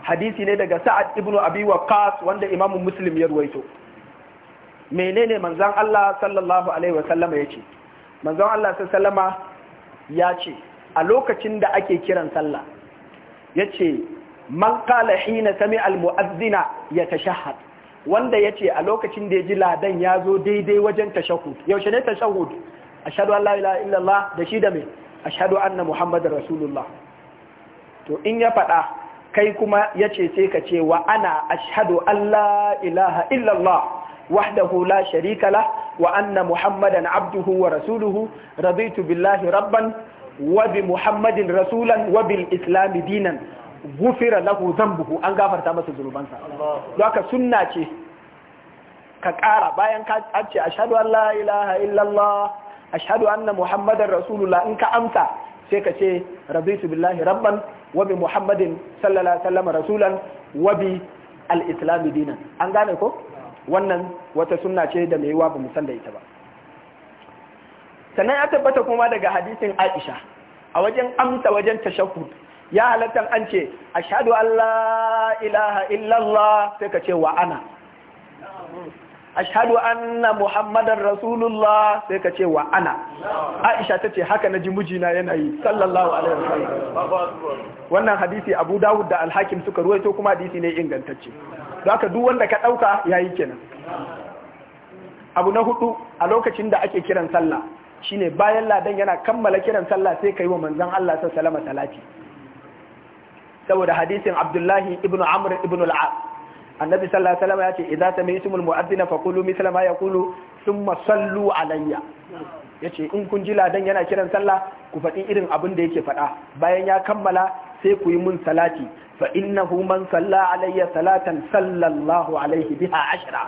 hadisi ne daga sa'ad ibn abi waqqas wanda imamu muslim ya ruwaito menene manzon Allah sallallahu alaihi wa sallama yace manzon Allah sallallahu ya ce a lokacin da ake kiran sallah yace man qala hina sami al mu'azzina yatashahhad wanda ya ce a lokacin da ya ji ladan ya zo daidai wajen tashahud yaushe ne tashahud Ashadu an la illallah da shi da me ashadu anna muhammadar rasulullah to in ya faɗa kai kuma ya ce sai ka ce wa ana ashadu an la ilaha illallah wahdahu la sharika la, wa anna muhammadan abduhu wa rasuluhu raditu billahi rabban wa bi muhammadin rasulan wa bil islami dinan gufira lahu zambuhu an gafarta masa zunubansa don haka sunna ce ka ƙara bayan ka ce ashhadu an la ilaha illallah ashhadu anna Muhammadan rasulullah in ka amsa sai ka ce raditu billahi rabban wa bi muhammadin sallallahu alaihi wasallam rasulan wa bi al-islam dinan an gane ko wannan wata sunna ce da mai yiwa ba mu san da ita ba sannan ya tabbata kuma daga hadisin Aisha a wajen amsa wajen tashahhud ya halatta an ce ashhadu Allah la ilaha illallah sai ka ce wa ana ashhadu anna Muhammadan rasulullah sai ka ce wa ana aisha ta ce haka na ji mijina yana yi sallallahu alaihi wasallam wannan hadisi abu dawud da alhakim suka ruwaito kuma hadisi ne ingantacce don haka duk wanda ka dauka yayi kenan abu na hudu a lokacin da ake kiran sallah shi ne bayan ladan yana kammala kiran sallah sai ka yi wa manzon Allah sallallahu alaihi wasallam saboda hadisin abdullahi ibn amr ibn al annabi sallallahu alaihi wasallam ya ce idza sami'tumul mu'adhdhina faqulu mithla ma yaqulu thumma sallu alayya yace in kun ji ladan yana kiran sallah ku faɗi irin abin da yake faɗa bayan ya kammala sai ku yi mun salati fa innahu man salla alayya salatan sallallahu alaihi biha ashra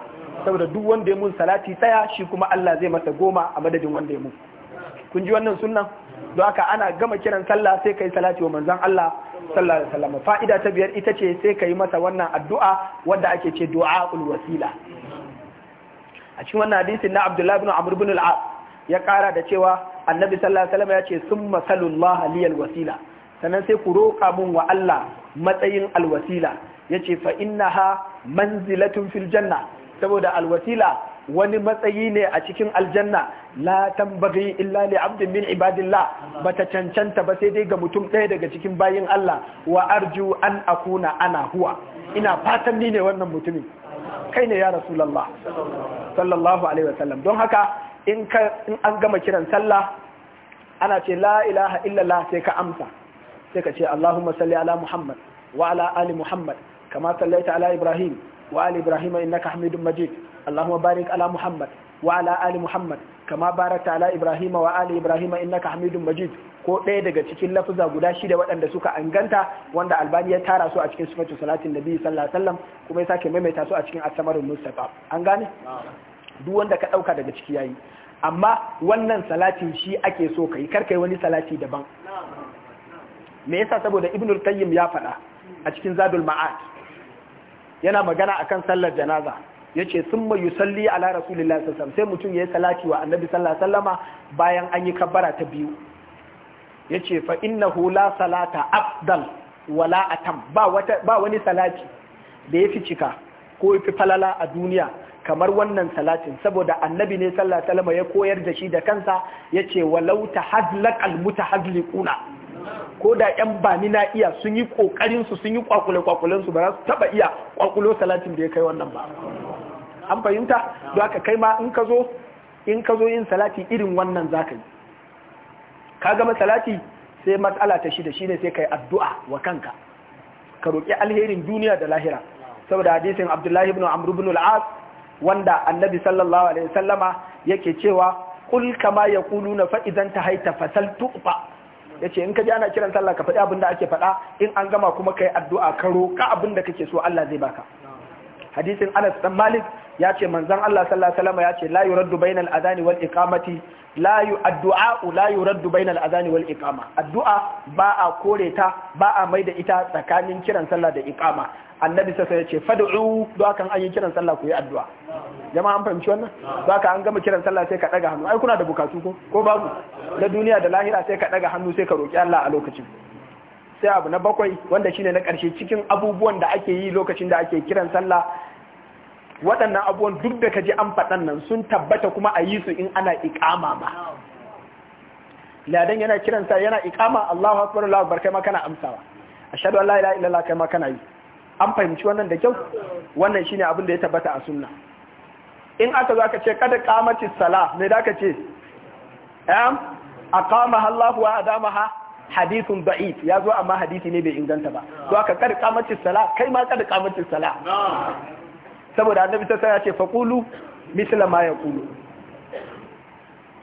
saboda duk wanda ya mun salati tsaya shi kuma Allah zai masa goma a madadin wanda ya mun kun ji wannan sunnan don haka ana gama kiran sallah sai kai salati wa manzon Allah sallallahu alaihi wasallam fa'ida ta biyar ita ce sai ka yi masa wannan addu'a wadda ake ce du'a'ul wasila a cikin wannan hadisin na Abdullahi ibn Amr ibn al ya kara da cewa Annabi sallallahu alaihi wasallam ya ce summa sallallahu liyal wasila sannan sai ku roƙa mun wa Allah matsayin alwasila yace fa innaha manzilatun fil janna saboda alwasila wani matsayi ne a cikin aljanna la tambaghi illa li abdin min ibadillah bata cancanta ba sai dai ga mutum ɗaya daga cikin bayin Allah wa arju an akuna ana huwa ina fatan ni ne wannan mutumin kai ne ya rasulullah sallallahu alaihi sallam. don haka in an gama kiran sallah ana ce la ilaha illallah sai ka amsa sai ka ce allahumma salli ala muhammad wa ala ali muhammad kama sallaita ala ibrahim وآل إبراهيم إنك حميد مجيد اللهم بارك على محمد وعلى آل محمد كما باركت على إبراهيم وآل إبراهيم إنك حميد مجيد ko ɗaya daga cikin lafuza guda shida waɗanda suka anganta wanda albani ya tara su a cikin sifatu salatin nabi sallallahu alaihi wasallam kuma ya sake maimaita su a cikin asamarin mustafa an gane duk wanda ka ɗauka daga ciki yayi amma wannan salatin shi ake so kai kar kai wani salati daban me yasa saboda ibnul qayyim ya faɗa a cikin zadul ma'ad yana magana akan sallar janaza yace mayu salli ala rasulillah sassan. sai mutum yayi salati wa annabi sallallahu alaihi wasallama bayan an yi kabbara ta biyu yace fa innahu la salata afdal wala atam ba wani salati da yafi cika ko yafi falala a duniya kamar wannan salatin saboda annabi ne sallallahu alaihi ya koyar da shi da kansa yace walau tahadlaq al kuna. ko da yan bani na iya sun yi ƙoƙarinsu sun yi kwakule kwakulen su ba za su taba iya kwakulo salatin da ya kai wannan ba an fahimta don ka kai ma in ka zo in ka zo yin salati irin wannan za ka yi ka gama salati sai matsala ta shida shine sai kai addu'a wa kanka ka roƙi alherin duniya da lahira saboda hadisin Abdullahi ibn Amr ibn al-As wanda Annabi sallallahu alaihi wasallama yake cewa ya kama yaquluna fa idan tahaita fasal tuqfa ya ce in ka ji ana kiran sallah ka faɗi abin da ake faɗa in an gama kuma ka yi addu'a ka roƙa abin da kake so Allah zai baka hadisin Anas dan Malik ya ce manzon Allah sallallahu alaihi wasallam ya ce la yuraddu bainal adani wal iqamati la yu addu'a la yuraddu bainal adani wal iqama addu'a ba a kore ta ba a mai da ita tsakanin kiran sallah da iqama annabi sai ya ce fad'u du'a kan ayi kiran sallah ku yi addu'a jama'a an fahimci wannan za ka an gama kiran sallah sai ka ɗaga hannu ai kuna da bukatu ko ko babu na duniya da lahira sai ka ɗaga hannu sai ka roƙi Allah a lokacin sai abu na bakwai wanda shine na karshe cikin abubuwan da ake yi lokacin da ake kiran sallah waɗannan abubuwan duk da ka ji an faɗan nan sun tabbata kuma a yi su in ana iƙama ba. ladan yana kiran sa yana iqama Allahu akbar Allahu akbar kai ma kana amsawa ashhadu an la ilaha illallah kai ma kana yi an fahimci wannan da kyau wannan shine abin da ya tabbata a sunna in aka zo aka ce kada kamaci sala me da ka ce am aqama Allah wa adamaha hadithun da'if ya zo amma hadisi ne bai inganta ba to aka kada kamaci sala kai ma kada kamaci sala saboda annabi ta ya ce faqulu misla ma yaqulu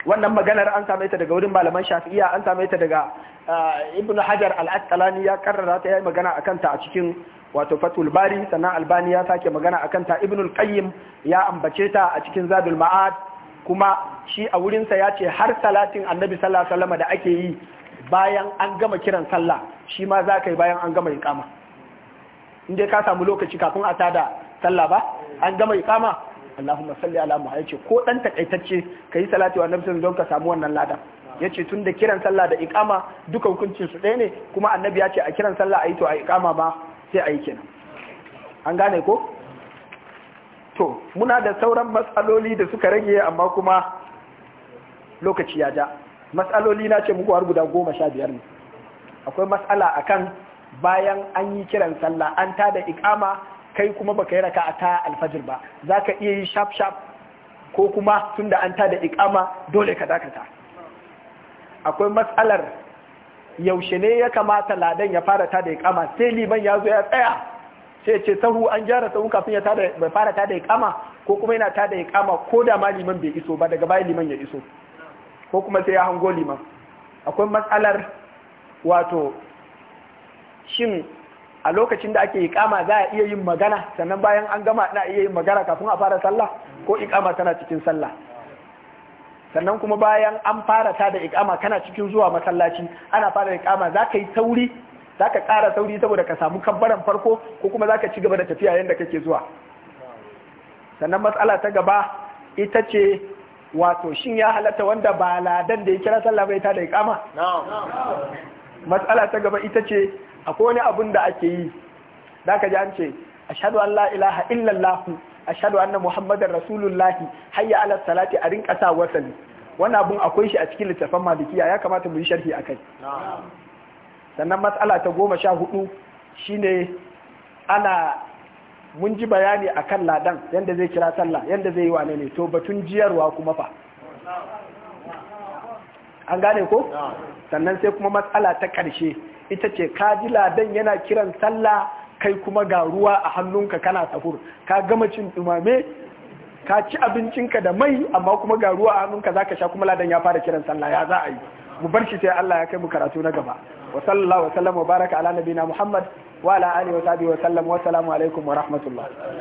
wannan maganar an same ta daga wurin malaman shafi'iya an same ta daga ibn hajar al-asqalani ya karrara ta yayi magana akan ta a cikin wato fatul bari sannan albani ya sake magana akan ta ibn al-qayyim ya ambace ta a cikin zadul ma'ad kuma shi a wurinsa ya ce har salatin annabi sallallahu alaihi wasallam da ake yi bayan an gama kiran sallah shi ma za ka yi bayan an gama iqama inda ka samu lokaci kafin a tada sallah ba an gama iqama Allahumma salli ala Muhammad ko dan takaitacce yi salati wa annabi don ka samu wannan ladan Ya ce tun da kiran sallah da ikama duka hukuncin su ɗaya ne kuma annabi ya ce a kiran sallah a yi to a ikama ba sai a yi kenan an gane ko to muna da sauran matsaloli da suka rage amma kuma lokaci ya ja matsaloli na ce muku har guda goma sha biyar ne akwai matsala akan bayan an yi kiran sallah an da ikama kai kuma baka yi raka a ta alfajir ba za ka iya yi shaf shaf ko kuma tun da an da ikama dole ka dakata akwai matsalar yaushe ne ya kamata ladan ya fara tada kama sai liman ya zo ya tsaya sai ce sahu an gyara sahu kafin ya tada ta fara tada kama ko kuma yana tada kama ko da ma liman bai iso ba daga bayan liman ya iso ko kuma sai ya hango liman akwai matsalar wato shin a lokacin da ake ikama za a iya yin magana sannan bayan an gama na iya yin magana kafin a fara sallah ko ikama tana cikin sallah sannan kuma bayan an fara ta da ikama kana cikin zuwa masallaci ana fara ikama za ka yi sauri za ka ƙara sauri saboda ka samu kabbaran farko ko kuma za ka ci gaba da tafiya yadda kake zuwa sannan matsala ta gaba ita ce wato shin ya halatta wanda ba ladan da ya kira sallah bai ta da ikama matsala ta gaba ita ce akwai wani abun da ake yi za ka ji an ce ashadu an la ilaha illallah ashhadu anna muhammadar rasulullahi hayya ala salati a rinka sa wasali wani abun akwai shi a cikin littafin malikiya ya kamata mu yi sharhi a kai, sannan matsala ta goma sha hudu shi ne ana mun ji bayani a kan ladan yadda zai kira sallah yadda zai yi wane ne to batun jiyarwa kuma fa an gane ko sannan sai kuma matsala ta karshe ita ce kaji ladan yana kiran sallah kai kuma ga ruwa a hannunka kana sahur ka gama cin dumame ka ci abincinka da mai amma kuma ga ruwa a hannunka zaka sha kuma ladan ya fara kiran sallah ya za a yi mu bar shi sai Allah ya kai mu karatu na gaba wa sallallahu wa sallam wa baraka ala nabina muhammad wa ala alihi wa sahbihi wa sallam wa assalamu alaikum wa rahmatullah